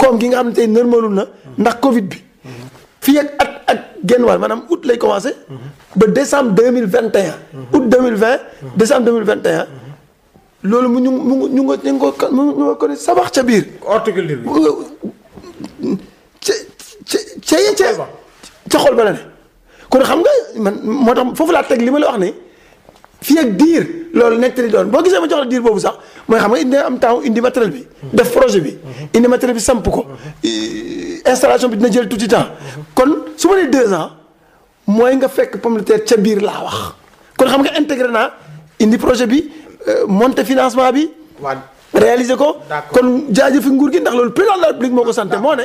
koom gi nga xam ne tey normalul na mhm. ndax Covid bi. fii ak at ak genn wàll maanaam août lay commencé. ba décembre deux mille vingt et un. août deux mille vingt décembre deux mille loolu mu ñu mu ñu nga ñu nga ko ñu nga ko sabax ca biir. horticulture bi. ca ca ca ca ca xol ba ne. kon xam nga man moo tax foofu laa teg li ma la wax ne fii ak diir loolu nekk li doon boo gisee ma jox la diir boobu sax mooy xam nga dina am temps indi matériel bi. def projet bi. indi matériel bi samp ko. installation bi dina jël tuuti temps. kon su ma nee mooy nga fekk pomme ca biir laa wax kon xam nga intégré naa indi projet bi. Euh, monter financement bi. réaliser ko. kon jaajëfi nguur gi ndax loolu président de la République moo ko sant moo ne.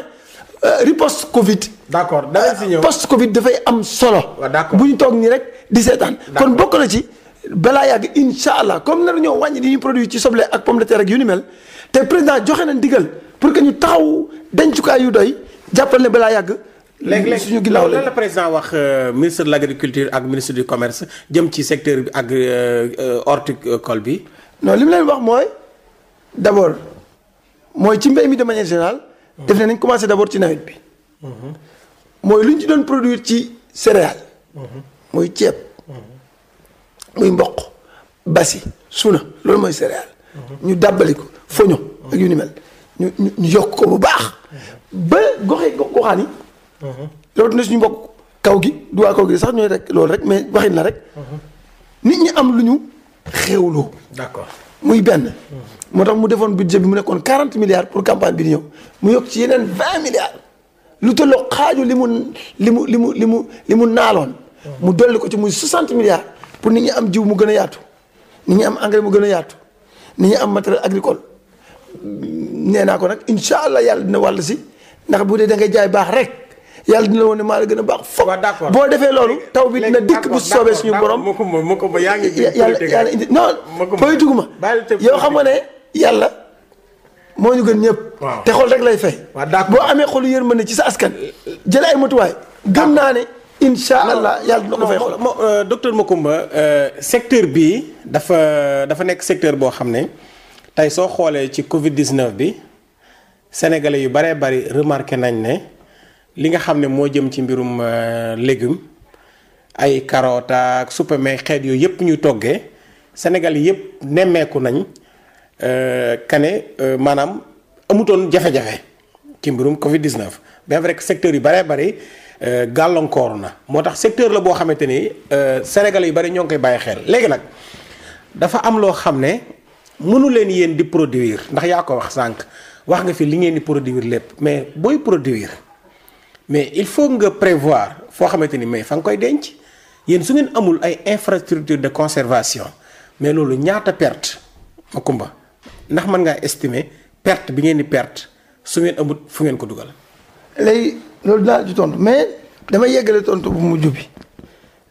Euh, riposte Covid. d'accord danañ euh, si ñëw post Covid dafay am solo. bu ñu toog nii rek di seetaan. kon bokk na ci. balaa yàgg incha allah comme na nar ñoo wàññi li ñuy produit ci soble ak pomme de terre ak yu ni mel te président joxe na ndigal pour que ñu taxaw dencukaay yu doy jàppal ne balaa yàgg. léeg-léeg suñu ginnaaw lan la président wax euh, ministre de l' agriculture ak ministre du commerce jëm ci secteur bi ak euh, horticole bi. non li mu leen wax mooy d' abord mooy ci mbéy mi de manière générale. Hmm. def nañ commencé d' abord ci nawet bi. Hmm. mooy lu ñu ci doon produire ci céréales. muy hmm. ceeb. muy mboq. basi suna loolu mooy céréale. ñu dàbbali ko foño ak yu ni mel. ñu ñu yokk ko bu baax. ba gox goxaan yi. loolu mhm. rawatina suñu bokk kaw gi du waa kaw gi sax ñooy rek loolu rek mais waxin la rek. Mhm. nit ñi am lu ñu xéwloo. d'accord muy benn. Mhm. moo tax mu defoon budget bi mu nekkoon quarante milliards pour campagne bi di mu yokk ci yeneen 20 milliards lu tolloo xaaju li mu li mu li mu li mu li mu naaloon. mu dolli ko ci muy 60 milliards pour nit ñi am jiw mu gën a yaatu nit ñi am engrais mu gën a yaatu nit ñi am matériel agricole nee naa ko nag incha allah yàlla dina wàll si ndax bu dee da ngay jaay baax rek. yàlla dina woon ne maa la gën a baax foog boo defee loolu taw bi dina dikk bu soobee suñu borom yàlla yàlla indi non politique ma yow xam nga ne yàlla moo ñu gën ñëpp te xool rek lay fay boo amee xolu yërmande ci sa askan jël ay matuwaay gëm naa ne incha allah yàlla dina ko fay xool euh, docteur Macoumba euh, secteur bi dafa dafa nekk secteur boo xam ne tey soo xoolee ci covid 19 bi sénégalais yu baree bari remarqué nañ ne li nga xam ne moo jëm ci mbirum euh, légum ay carottes ak supame xeet yooyu yëpp ñu toggee Sénégal yëpp nemmeeku nañ kane euh, euh, maanaam amutoon jafe-jafe ci mbirum Covid 19. bien vrai que secteur yu bëree bëri gàllankoor na moo tax secteur la boo xamante ni Sénégal yu bëri ñoo ngi koy bàyyi xel léegi nag dafa am loo xam ne mënu leen yéen di produire ndax yaa ko wax sànq wax nga fi li ngeen di produire lépp mais booy produire. mais il faut nga prévoir foo xamante ni mais fa nga koy denc yéen su ngeen amul ay infrastructure de conservation mais loolu ñaata perte Macoumba ndax mën ngaa estimer perte bi ngeen di perte su ngeen amul fu ngeen ko dugal. léegi loolu daal di tontu mais dama yeggale tontu bu mujj bi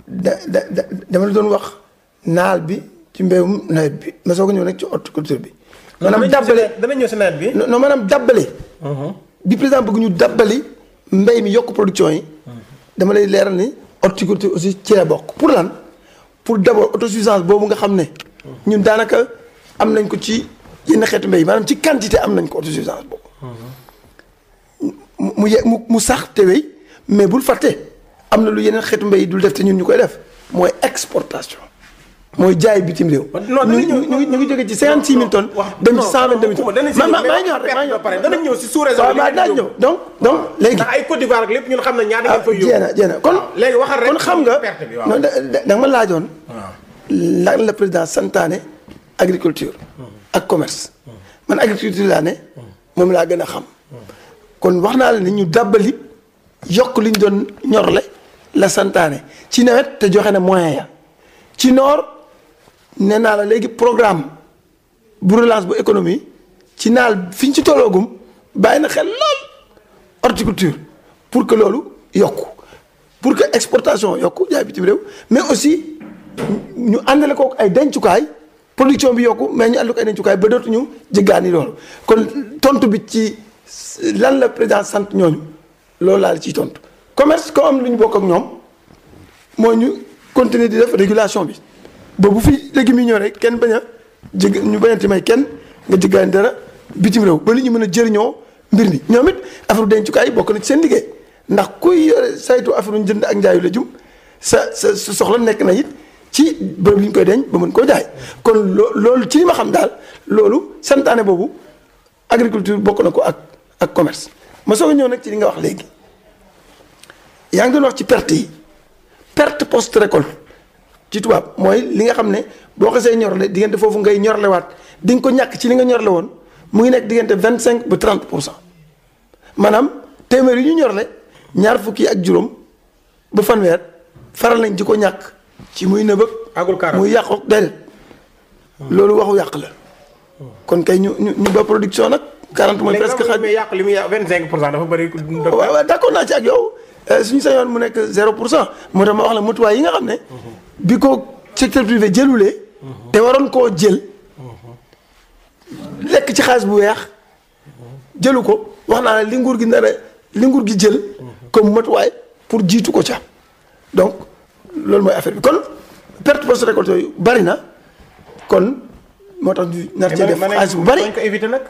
da da dama la doon wax naal bi ci mbéyum nawet bi ma soog a ñëw nag ci horticulture bi. maanaam dabbale dana ñëw si nawet bi. non maanaam dabbale. di mhm. président bëgg ñu dabbali. mbéy mi yokk production yi. dama lay leeral ni horticulture aussi ci la bokk pour lan pour d'abord autosuffisance boobu nga xam ne. ñun daanaka am nañ ko ci yenn xeetu mbéy maanaam ci quantité am nañ ko autosuffisance boobu. mu ye mu mu sax te mais bul fàtte am na lu yeneen xeetu mbéy dul def te ñun ñu koy def mooy exportation. mooy jaay bitim réew. non ñu ngi ñu ngi jóge ci cinquante six mille tonnes. dem ci cent vingt deux mille tonnes. ma ma maa ngi ñëw rek maa ngi ñëw danañ ñëw si sous région. waaw waaw daañu ñëw donc donc léegi. ndax ay Côte d'Ivoire ak lépp ñun xam nañ ñaata ngeen ah, fay yóbbu. jéem a jéem a kon. léegi waxal rek kon xam nga non da da ma laajoon. lan la président santaane agriculture. ak commerce. man agriculture laa ne. moom laa gën a xam. kon wax naa la ne ñu dàbbali yokk li ñu doon ñorle la santaane ci nawet te joxe na moyen ya ci noor nee naa la léegi programme bu relance bu économie ci naal fi ñu ci tolloogum bàyyi na xel lool horticulture pour que loolu yokk pour que exportation yokku jaay bitim réew mais aussi ñu àndale ko ay dencukaay production bi yokk mais ñu àndale ko ay dencukaay ba dootuñu jéggaani loolu kon tontu bi ci lan la président sant ñooñu loolu laal la ciy tontu commerce comme am lu ñu bokk ak ñoom mooy ñu continuer di def régulation bi. ba bu fi légumes yi ñëw rek kenn bañ a jég ñu bañanti may kenn nga jéggaani dara bitim réew ba li ñu mën a jëriñoo mbir mi ñoom it affaire dencukaay bokk na ci seen liggéey ndax kuy saytu affaire jënd ak njaayu la lejum sa sa soxla nekk na it ci bërëb liñ koy denc ba mën koo jaay kon loolu ci li ma xam daal loolu santaane boobu agriculture bokk na ko ak ak commerce ma soog a ñëw nag ci li nga wax léegi yaa ngi doon wax ci perte yi perte post récolte ci tubaab mooy li nga xam ne boo xasee ñorle diggante foofu ngay ñorlewaat di nga ko ñàkk ci li nga ñorle woon mu ngi nekk diggante vingt cinq ba trente pour cent maanaam téeméer yu ñu ñorle ñaar fukki ak juróom ba fanweer faral nañ ci ko ñàkk ci muy nëbëg. agul kaara muy yàqu déedéet. Ah. loolu waxu yàq la. Oh. kon kay ñu ñu ñu ba production nag. 40 mooy presque xaj mais yàq li muy yàq vingt cinq pour cent oh, naa ci ak yow euh, suñu sañoon mu nekk zéro pour cent moo tax ma wax la motuwaay yi nga xam ne. Mm-hmm. bi ko secteur privé jëlule te waroon koo jël. lekk ci xaalis bu weex. jëlu ko wax naa ne li nguur gi nar li nguur gi jël. comme matuwaay pour jiitu ko ca. donc loolu mooy affaire bi kon perte post récolte yooyu bari na kon moo tax ñu nar cee def xaalis bu bari.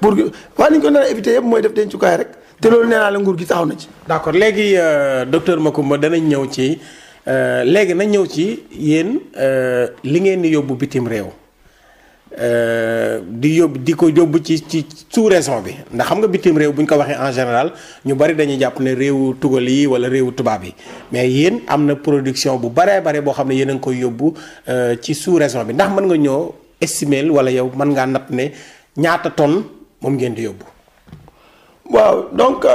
pour waa ni ñu ko nar a éviter yëpp mooy def dencukaay rek te loolu nee la nguur gi taxaw na ci. d'accord léegi euh, docteur Macoumba danañ ñëw ci. Euh, léegi na ñëw ci yéen euh, li ngeen di yóbbu bitim réew euh, di yóbbu di ko yóbbu ci ci sous-région bi ndax xam nga bitim réew buñ ko waxee en général ñu bari dañuy jàpp ne réewu tugal yi wala réewu tubaab yi mais yéen am na production bu baree bare boo xam ne yéen a ngi koy yóbbu ci sous-région bi ndax mën nga ñëw estimer wala yow mën ngaa natt ne ñaata tonne moom ngeen di yóbbu. waaw donc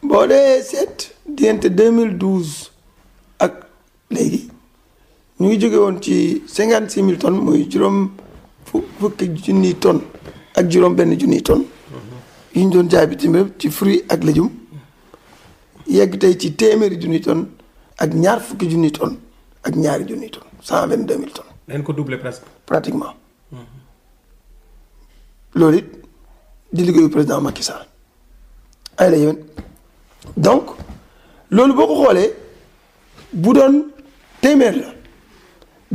boo dee seet diggante 2012 ak léegi ñu ngi jóge woon ci 56 mille tonnes mooy juróom fukki junniy tonnes ak juróom benn junniy tonnes mhm. yu ñu doon jaay bitim réew ci fruits ak légumes yegg tey ci téeméeri junniy tonnes ak ñaar fukki junniy tonnes ak ñaari junniy tonnes 122 000 tonnes. dañ ko doubler presque. pratiquement. Mhm. loolu it di liggéeyu président Macky Sall ay la yéen donc. loolu boo ko xoolee bu doon téeméer la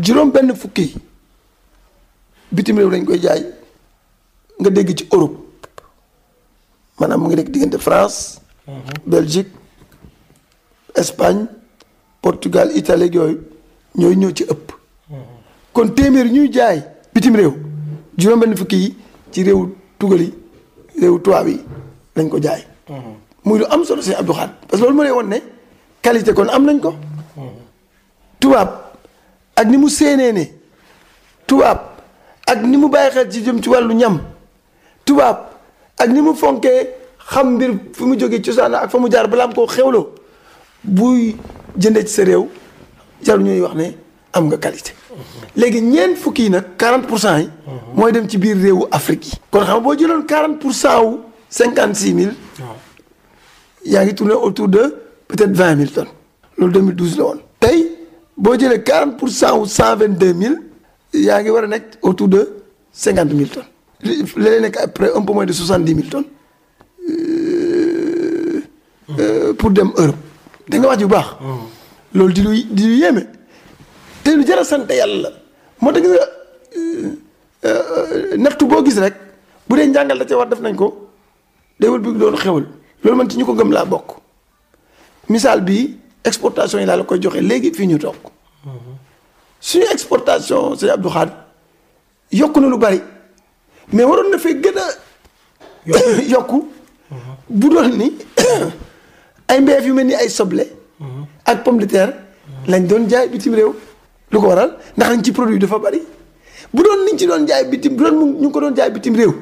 juróom benn fukki bitim réew lañ koy jaay nga dégg ci Europe maanaam mu ngi nekk diggante France. Mhm. Belgique Espagne Portugal Italie yooyu ñooy ñëw ci ëpp. Mhm. kon téeméer ñuy jaay bitim réew juróom benn fukki yi ci réewu tugal réew réewu yi lañ ko jaay. Mhm. muy lu am solo si Abdou Khadre parce loolu moo lay won ne qualité kon am nañ ko. tubaab ak ni mu séenee ne tubaab ak ni mu bàyyi xel ci jëm ci wàllu ñam tubaab ak ni mu fonkee xam mbir fi mu jógee cosaan ak fa mu jaar balaa mu koo xewloo buy jëndee ci sa réew jarul ñuy wax ne am nga qualité. léegi ñeent fukki nag 40 pour cent yi. mooy dem ci biir réewu Afrique yi. kon xam boo jëloon quarante pour cent wu 56 mille. yaa ngi tourné autour de peut-être vingt mille tonnes loolu 2012 la woon. tey boo jëlee 40 pour cent ou 122 mille yaa ngi war a nekk autour de 50 mille tonnes léeg-léeg nekk après un peu moins de 70 mille tonnes euh, euh, pour dem Europe. da nga wax ji baax. Hmm. loolu di lu di lu yéeme te lu jar a sant yàlla moo tax gis nga euh, nattu boo gis rek bu dee njàngal te cee war def nañ ko déwén bi doon xewal. loolu man ci ñu ko gëm laa bokk misaal bi exportation yi laa la koy joxe léegi fii ñu toog suñu exportation sëñ Abdou Khadre yokk na lu bari mais waroon na fee gën a yokku bu doon ni ay mbeef yu mel ni ay soble ak pomme de terre lañ doon jaay bitim réew lu ko waral ndax lañ ci produit dafa bari bu doon niñ ci doon jaay bitim bu doon mu ñu ko doon jaay bitim réew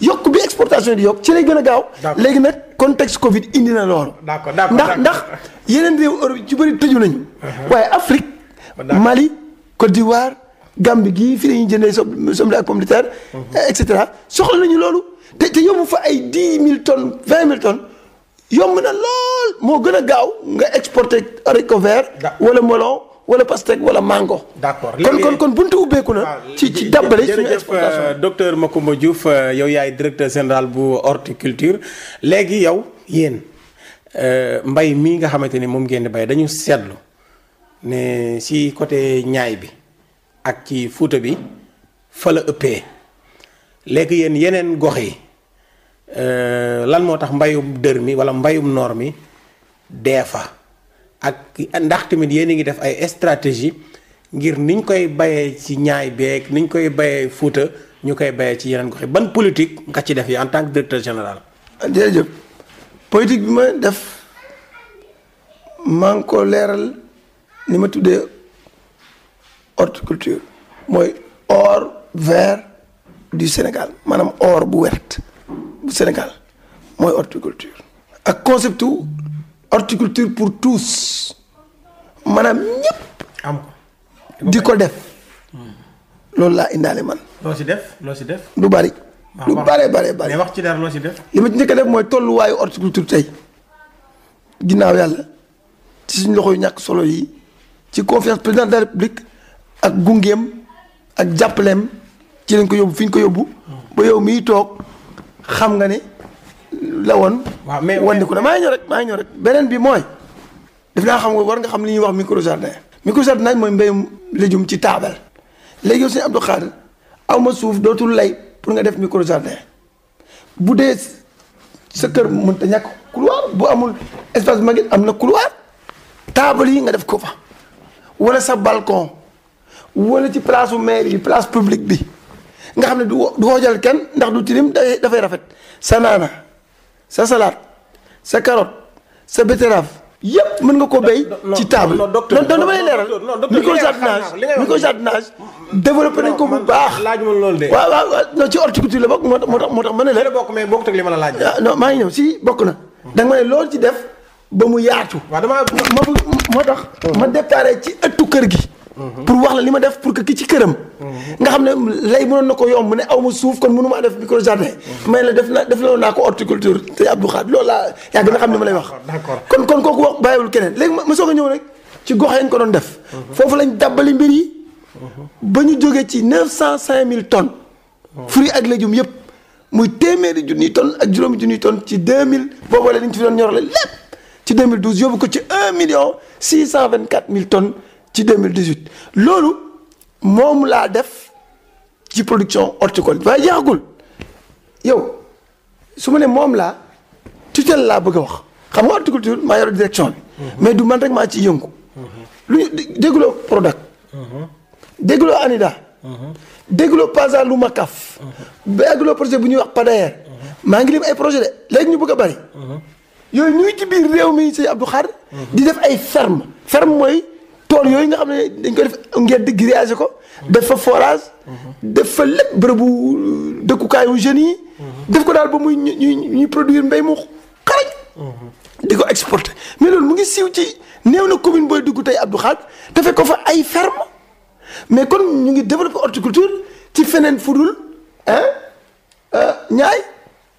yokk bi exportation di yokk ci lay gën a gaaw. léegi nag contexte Covid indi na loolu. d'accord d'accord ndax ndax yeneen réew Europe ci bëri tëju nañu. Uh-huh. waaye Afrique. Mali Côte d'Ivoire Gambie gii fii la ñuy jëndee soble ak pomme de terre. Uh-huh. et cetera soxla nañu loolu. te te yóbbu fa ay dix mille tonnes vingt mille tonnes yomb na lool moo gën a gaaw nga exporter haricot vert. wala melon. wala pastèque wala mango. d'accord kon kon kon buntu ubbeeku na. Ah, ci ci dàbbale suñu exportation euh, docteur Macoumba Diouf euh, yow yaay directeur général bu horticulture léegi yow yéen euh, mbay mii nga xamante ni moom ngeen di bay dañu seetlu ne si côté ñaay bi ak ci Fuuta bi fa la ëppee léegi yéen yeneen gox yi lan moo tax mbayum dër mi wala mbayum noor mi dee fa. ak ndax tamit yéen a ngi def ay stratégie ngir niñ koy bayee ci ñaay beek niñ koy bayee Fuuta ñu koy bayee ci yeneen gox ban politique nga ci def yi en tant que directeur général. jërëjëf politique bi ma def maa ngi ko leeral ni ma tuddee horticulture mooy or vert du Sénégal maanaam or bu wert bu Sénégal mooy horticulture. ak conceptu horticulture pour tous maanaam ñëpp. am ko di ko def. loolu laa indaale man. loo si def loo si def. du bari. lu ah, bare bare bare. wax ci dara loo si def. li ma ci njëkk def mooy tolluwaayu horticulture tey ginnaaw yàlla ci suñu loxo yu ñàkk solo yi ci confiance président de la république ak gungeem ak jàppaleem ci lañ ko yóbbu fi ñu ko yóbbu. Mm. ba yow miy toog xam nga ne. la woon. waaw mais wandiku na maa ngi ñëw rek maa ngi rek beneen bi mooy. daf naa xam war nga xam li ñuy wax micro jardin. micro jardin mooy mbéyum légume ci taabal léegi yow sëñ Abdou Khadre ma suuf dootul lay pour nga def micro bu dee sa kër mënut a ñàkk bu amul espace mag it am na couloir taabal yi nga def ko fa wala sa balcon wala ci place su maire yi place publique bi nga xam ne du du xoojal kenn ndax du tilim dafay rafet sa naana sa salade sa carotte sa betterave yëpp mën nga ko béy. ci table non docteur non dama lay leeral. non docteur microjardinage microjardinage mm, mm, mm. développé nañ ko bu baax. laaj ma loolu de. waaw waaw non ci horticulture la bokk moo tax moo tax moo tax ma ne la. dina bokk mais bokkut ak li ma ah, maa ngi ñëw si bokk na. da ma ne loolu ci def ba mu yaatu. waaw damaa ma moo tax. ma déparé ci ëttu kër gi. pour wax la li ma def pour que ki ci këram. nga xam ne lay mënoon na ko yomb ne aw suuf kon mënu maa def micro jardin. mais la def na def la naa ko horticulture te Abdou Khadre loolu laa yaa gën a xam ne ma lay wax. kon kon kooku wax bàyyiwul keneen léegi ma soog a ñëw rek ci gox yañ ko doon def. foofu lañ dabbali mbir yi. ba ñu jógee ci neuf cent cinq mille tonnes. fruits ak légumes yëpp muy téeméeri junniy tonnes ak juróomi junniy ton ci deux mille. booboo la ñu ci doon ñorale lépp ko ci un million six cent vingt quatre mille tonnes. ci 2018 loolu moom laa def ci production horticole waaye jeexagul yow su ma ne moom laa tutelle laa bëgg a wax xam nga horticulture maa direction bi. Mhm. mais du man rek maa ci yëngu. Mhm. lu ñu dégloo Prodac. Mhm. dégloo Anida. dégloo Pasa lu ma kaf. dégloo projet bu ñuy wax Pader. maa ngi lim ay projet de léegi ñu bëgg a bari. yooyu ñuy ci biir réew mi si Abdou Khadre. di def ay ferme ferm mooy. tool yooyu nga xam ne dañ ko def ngedd grillagé ko def fa forage def fa lépp bërëbu dëkkukaayu jeunes yi def ko daal ba muy ñu ñuy produire mbéy mu xarañ di ko exporté mais loolu mu ngi siiw ci néew na commune booy dugg tey Abdou Khadre te fekk ko fa ay ferme mais kon ñu ngi développé horticulture ci feneen fu dul ah euh, ñaay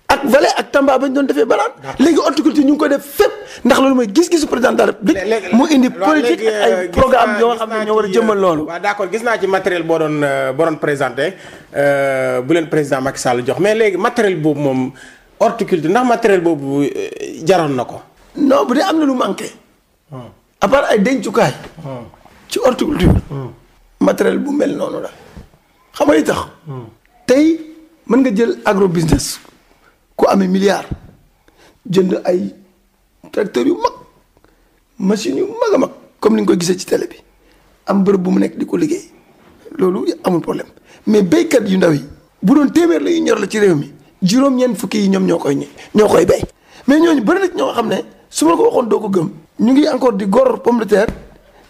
ak Valais ak Tamba ba ñu doon defee banaan léegi horticulture ñu ngi ko def fépp ndax loolu mooy gis-gisu président de mu indi politique ay programme yoo xam ne ñoo war a jëmmal loolu waaw d'accord gis naa ci matériel boo doon boo doon présenté bu leen président Macky Sall jox mais léegi matériel boobu moom horticulture ndax matériel boobu jaroon na ko non bu dee am na lu manqué à part ay dencukaay ci horticulture matériel bu mel noonu la xam nga li tax tey mën nga jël agro business ku amee milliard jënd ay tracteur yu mag machine yu mag a mag comme ni nga koy gisee ci télé bi am bërëb bu mu nekk di ko liggéey loolu amul problème mais béykat yu ndaw yi bu doon téeméer la yu ñor la ci réew mi juróom-ñeent fukki yi ñoom ñoo koy ñoo koy béy mais ñooñu bëri na ci ñoo xam ne su ma ko waxoon doo ko gëm ñu ngi encore di gor pomme de terre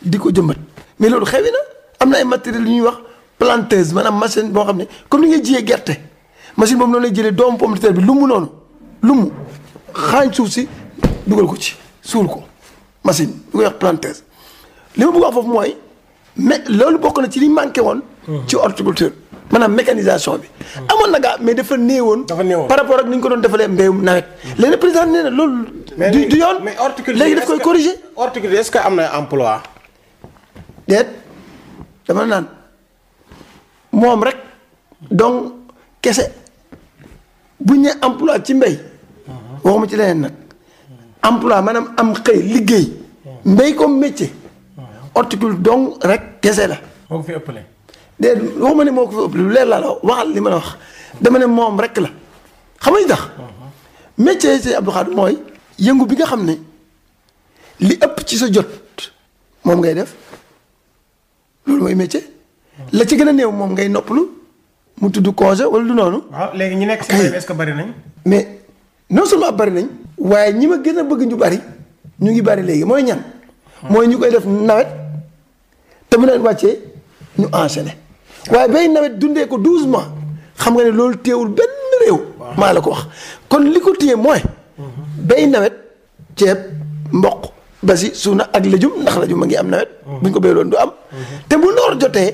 di ko jëmbat mais loolu xewi na am na ay matériels yu ñuy wax planteuse maanaam machine boo xam ne comme ni ngay jiyee gerte. machine boobu noonu lay jëlee doomu pomme bi lu mu noonu lu mu xaañ suuf si dugal ko ci suul ko machine bi koy wax planteuse li ma bëgg wax foofu mooy me loolu bokk na ci li manqué woon. ci horticulture maanaam mécanisation bi. amoon nag gaa mais dafa néewoon. dafa néewoon par rapport ak ni ñu ko doon defalee mbéyum nawet. Mm. léegi président nee na loolu. du du yoon léegi daf koy corriger. horticulture est-ce que am na emploi. déet dama naan moom rek donc kese. bu ñu emploi ci mbéy waxuma ci leneen nag emploi maanaam am xëy liggéey mbéy comme métier horticole dong rek kese la moo ko de waxuma ne moo ko fi ëppale lu leer laa la waxal li man a wax dama ne moom rek la xam nga tax métier si Abdou Khadre mooy yëngu bi nga xam ne li ëpp ci sa jot moom ngay def loolu mooy métier la ci gën a néew moom ngay noppalu mu tudd congé wala lu noonu. waaw léegi ñi nekk si est-ce bari nañ. mais non seulement bari nañ. waaye ñi ma gën a bëgg ñu bari ñu ngi bari léegi mooy ñan. Hmm. mooy ñu koy def nawet te bu nawet wàccee ñu enchaîné waaye bay nawet dundee ko douse mois xam nga ne loolu téewul benn réew. maa la ko wax kon li ko téye mooy. Hmm. bay nawet ceeb mboq. basi suuna ak lëjum ndax lëjum a ngi am nawet. Hmm. bu ñu ko béyloon du am. te bu noor jotee.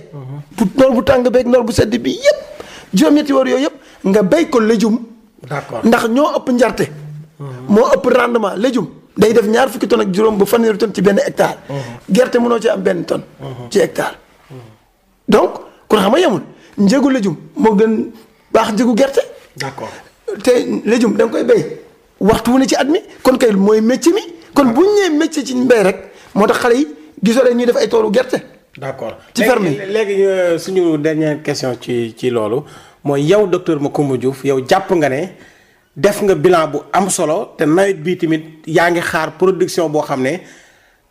bu noor bu tàng beeg noor bu sedd bi yépp juróom-ñetti weer yooyu yëpp nga béy ko légume. d'accord ndax ñoo ëpp njarte. Hmm. moo ëpp rendement légume. day def ñaar fukki tonne ak juróom bu fan fanweeri tonne ci benn hectare. Hmm. gerte mënoo ci am benn tonne. Hmm. ci ectare donc kon xam nga yemul njëgu légume moo gën baax njëgu gerte. d'accord te légume da nga koy béy waxtu wu ne ci at mi kon kay mooy métier mi kon bu ñu ñëwee métier ci mbéy rek moo tax xale yi gisoo ñuy def ay toolu gerte. d' accord ci ferme yi léegi euh, suñu dernière question ci ci loolu mooy yow docteur Macoumba Diouf yow jàpp nga ne def nga bilan bu am solo te nawet bii tamit yaa ngi xaar production boo xam ne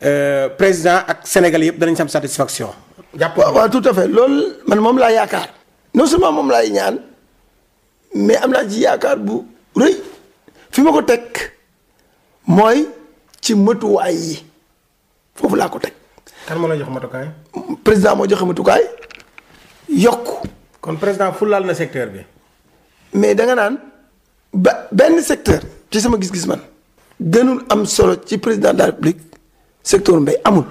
euh, président ak Sénégal yëpp danañ sam satisfaction. jàpp waaw tout à fait loolu man moom laa yaakaar non seulement moom laay ñaan mais am naa ci yaakaar bu rëy fi ma ko teg mooy ci mëtuwaay yi foofu laa ko teg. kan moo lay jox matukaay. président moo jox matukaay yokk. kon président fulaal na secteur bi. mais da nga naan ba benn secteur ci sama gis-gis man. gënul am solo ci président de la république secteur mbay amul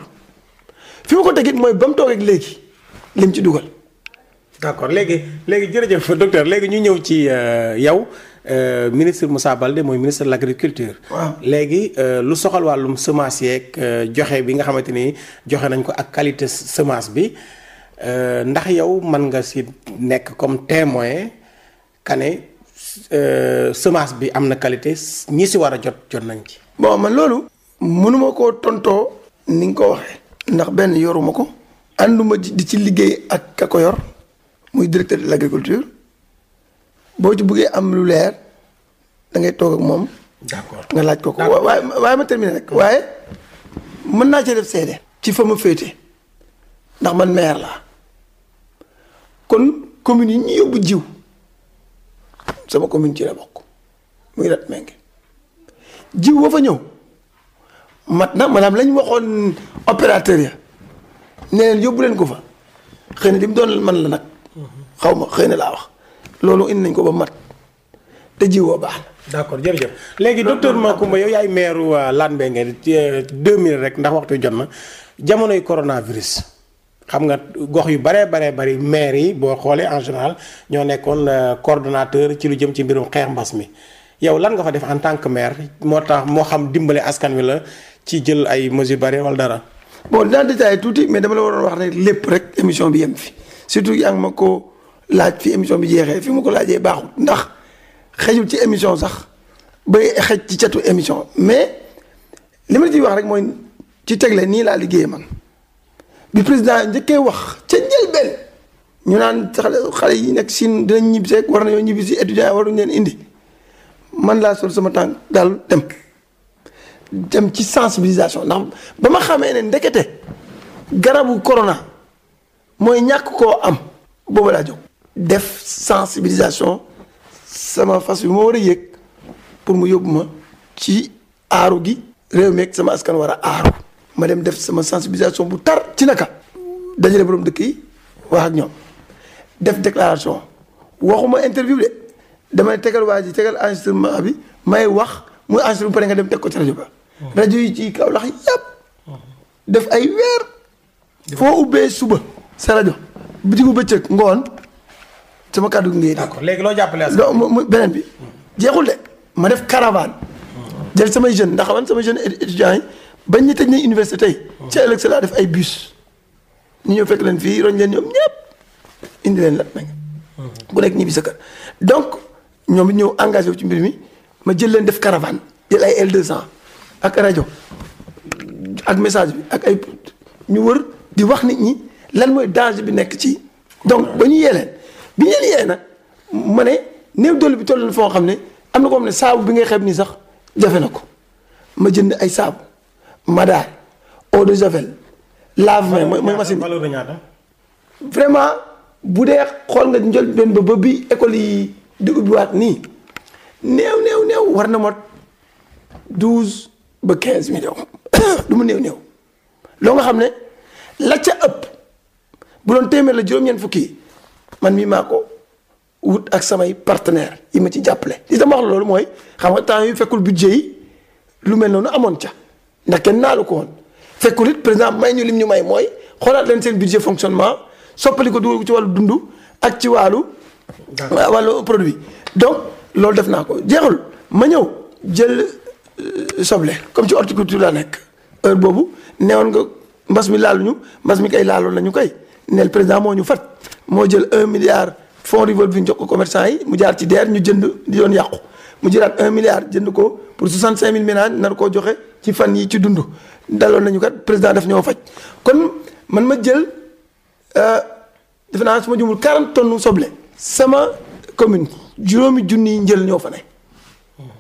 fi ma ko tegit mooy ba mu toog ak léegi lim ci dugal. d'accord léegi léegi jërëjëf docteur léegi ñu ñëw ci euh, yow. Euh, ministre Moussa Baldé mooy ministre de l' agriculture. waaw léegi euh, lu soxal wàllum semence yeeg euh, joxe bi nga xamante ni joxe nañ ko ak qualité semence bi ndax yow man nga si nekk comme témoin kane semence bi am na qualité ñi si war a jot jot nañ ci. bon man loolu. mënuma koo tontoo ni nga ko waxee. ndax benn yoruma ko. ànduma di ci liggéey ak ka ko yor muy directeur de l' agriculture. boo ci buggee am lu leer dangay ngay toog ak moom. d'accord nga laaj ko ko waaye waaye ma terminer rek waaye mën naa cee def seede. ci fa ma féete ndax man maire laa kon commune yi ñu yóbbu jiw sama commune ci la bokk muy Latmingué jiw boo fa ñëw mat na maanaam lañ waxoon opérateur ya ne leen yóbbu leen ko fa xëy na li mu doon man la nag mhm. xaw ma xëy na laa wax. loolu indi nañ ko ba mat te jiwoo baax na. d' accord jërëjëf léegi docteur Macoumba yow yaay euh, lan Laan Mbengue ci euh, deux mille rek ndax waxtu jot na jamonoy coronavirus xam nga gox yu baree baree bari maire yi boo xoolee en général ñoo nekkoon euh, coordonnateur ci lu jëm ci mbirum xeex mbas mi yow lan nga fa def en tant que maire moo tax moo xam dimbale askan wi la ci jël ay yu bari wala dara. bon dinaa détaillé tuuti mais dama la waroon wax rek lépp rek émission bi yem fi surtout laaj fi émission bi jeexee fi mu ko laajee baaxul ndax xëjul ci émission sax bay xëj ci catu émission mais li ma la ciy wax rek mooy ci tegle nii laa liggéeyee man bi président njëkkee wax ca njëlbeen ñu naan xale yi nekk si dinañ ñibbi seeg war nañoo ñibbi si étudiants yi waruñu leen indi man laa sol sama tànk daal dem dem ci sensibilisation ndax ba ma xamee ne ndekete garabu corona mooy ñàkk koo am boobu laa jóg def sensibilisation sama fas yu ma war a yëg pour mu yóbbu ma ci aaru gi réew mi ak sama askan war a aaru ma dem def sama sensibilisation bu tar ci naka dajale borom dëkk yi wax ak ñoom def déclaration waxuma interview de damay tegal waa ji tegal enregistrement bi may wax mu enregistré bu pare nga dem teg ko ci rajo ba rajo yi ci Kaolack yàpp def ay weer foo ubbee suba sa rajo bi ci bëccëg ngoon sama kàddu ngee ngay. d'accord léegi loo jàppale askan wi beneen bi. jeexul de ma def caravane. jël samay jeunes ndax man samay jeunes étudiants yi bañ ñu tëj nañ université tey. ci ëllëg laa def ay bus. ñu ñëw fekk leen fii roñ leen ñoom ñëpp indi leen la nag. bu mhm. nekk ñibbi sa kër donc ñoom it ñëw engagé wu ci mbir mi ma jël leen def caravane jël ay L200 ak rajo ak message bi ak ay ñu wër di wax nit ñi lan mooy danger bi nekk ci donc ba ñu yee leen bi ñu leen yee nag ma ne néew doole bi toll na foo xam ne am na ko xam ne saabu bi ngay xeeb nii sax jafe na ko ma jënd ay saabu madaar eau de javel lave-mains mooy mooy machine vraiment bu dee xool nga njël benn ba ba bi école yi di ubbiwaat nii néew néew néew war na mot douze ba quinze millions du mu néew néew loo nga xam ne la ca ëpp bu doon téeméer la juróom-ñeent fukki man mii maa ko wut ak samay partenaire yi ma ci jàppale li tam wax loolu mooy xam nga temps yu fekkul budget yi lu mel noonu amoon ca ndax kenn naalu ko woon fekkul it président may ñu lim ñu may mooy xoolaat leen seen budget fonctionnement soppali ko dugal ko ci wàllu dund ak ci wàllu wàllu produit donc loolu def naa ko jeexul ma ñëw jël euh, soble comme ci horticulture laa nekk heure boobu neewoon nga mbas mi laalu ñu mbas mi kay laaloon nañu kay neel président moo ñu fat moo jël un milliard fonds revolving jox ko commerçant yi mu jaar ci DER ñu jënd di doon yàqu mu jëlaat un milliard jënd ko pour 65000 ménages nar koo joxe ci fan yi ci dund daloon nañu kat président daf ñoo faj kon man ma jël euh, defe naa su ma jumul 40 tonnes soble sama commune juróomi junniy njël ñoo fa ne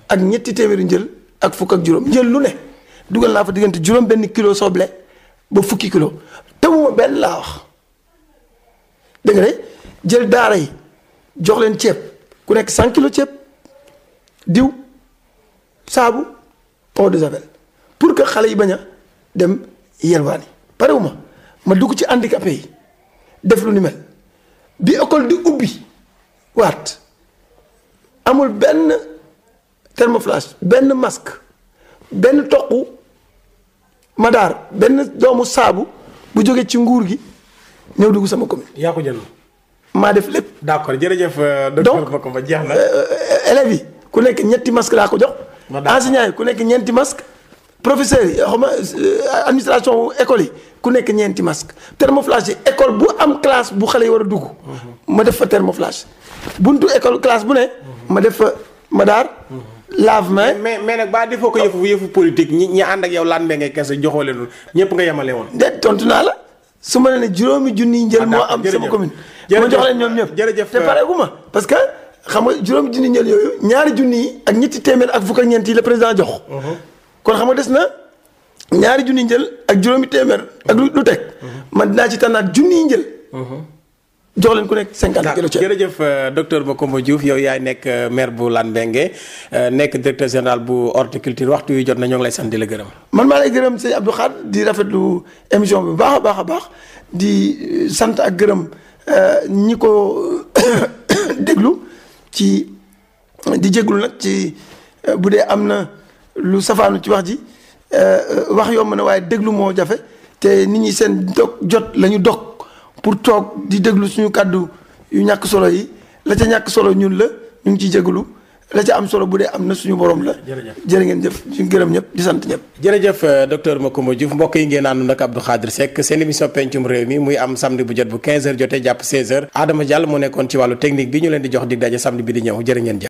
ak ñetti téeméeri njël ak fukk ak juróom njël lu ne dugal naa fa diggante juróom benn kilo soble ba fukki kilo te benn laa wax dégg nga jël daara yi jox leen ceeb ku nekk 100 kilos ceeb diw saabu eau de javel pour que xale yi bañ a dem yelwaani parewuma ma dugg ci handicapé yi def lu ni mel bi école di ubbi waat amul benn thermoflash benn mask benn toqu madaar benn doomu saabu bu jóge ci nguur gi ñëw dugg sama commune. yaa ko maa def lépp. d' accord jërëjëf. Euh, docteur Macoumba jeex na donc euh, euh, élèves yi ku nekk ñetti masque laa ko jox. enseignants yi ku nekk ñeenti masque professeurs yi xam administration école yi ku nekk ñeenti masque thermoflash yi école bu am classe bu xale yi war a dugg. Mhm. ma def fa thermoflash buntu école classe bu ne. ma def fa ma daar mains mhm. mais mais nag ba defoo ko yëfu yëfu politique ñi ñi ànd ak yow laan mbéy ngay kese joxoo leen ñëpp nga yemale woon. déet tontu naa la. su ma nee juróomi junniy njël moo ah, am sama commune ma jox leen ñoom ñëpp jërëjëf te euh, pareegu ma parce que xam nga juróomi junniy njël yooyu ñaari junni yi ak ñetti téeméer ak fukk ak ñeent yi la président jox uh-huh. kon xam nga des na ñaari junniy njël ak juróomi téeméer ak lu teg uh-huh. man dinaa ci tànnaat junniy njël uh-huh. jox leen ku nekk cinquante kilo ceeb jërëjëf euh, docteur Macoumba Diouf yow yaay nekk euh, maire bu Latmingué euh, nekk directeur général bu culture waxtu yu jot na ngi lay sant di la gërëm. man maa lay gërëm sëñ Abdou Khad di rafetlu émission bi bu baax a baax a baax di sant ak gërëm ñi ko déglu ci di jéglu nag ci bu dee am na lu safaanu ci wax ji wax yomb na waaye déglu moo jafe te nit ñi seen dog jot la ñu dog. pour toog di déglu suñu kàddu yu ñàkk solo yi la ca ñàkk solo ñun la ñu ngi ciy jégalu la ca am solo bu dee am na suñu borom la. jërëjëf jërë ngeen jëf suñu gërëm ñëpp di sant ñëpp. jërëjëf euh, docteur Macoumba Diouf mbokk yi ngeen àndoon ak Abdou Khadre Seck seen émission pencum réew mi muy am samedi bu jot bu 15h jotee jàpp 16h Adama Diallo mu nekkoon ci wàllu technique bi ñu leen di jox dig daje samedi bi di ñëw jërë ngeen jëf.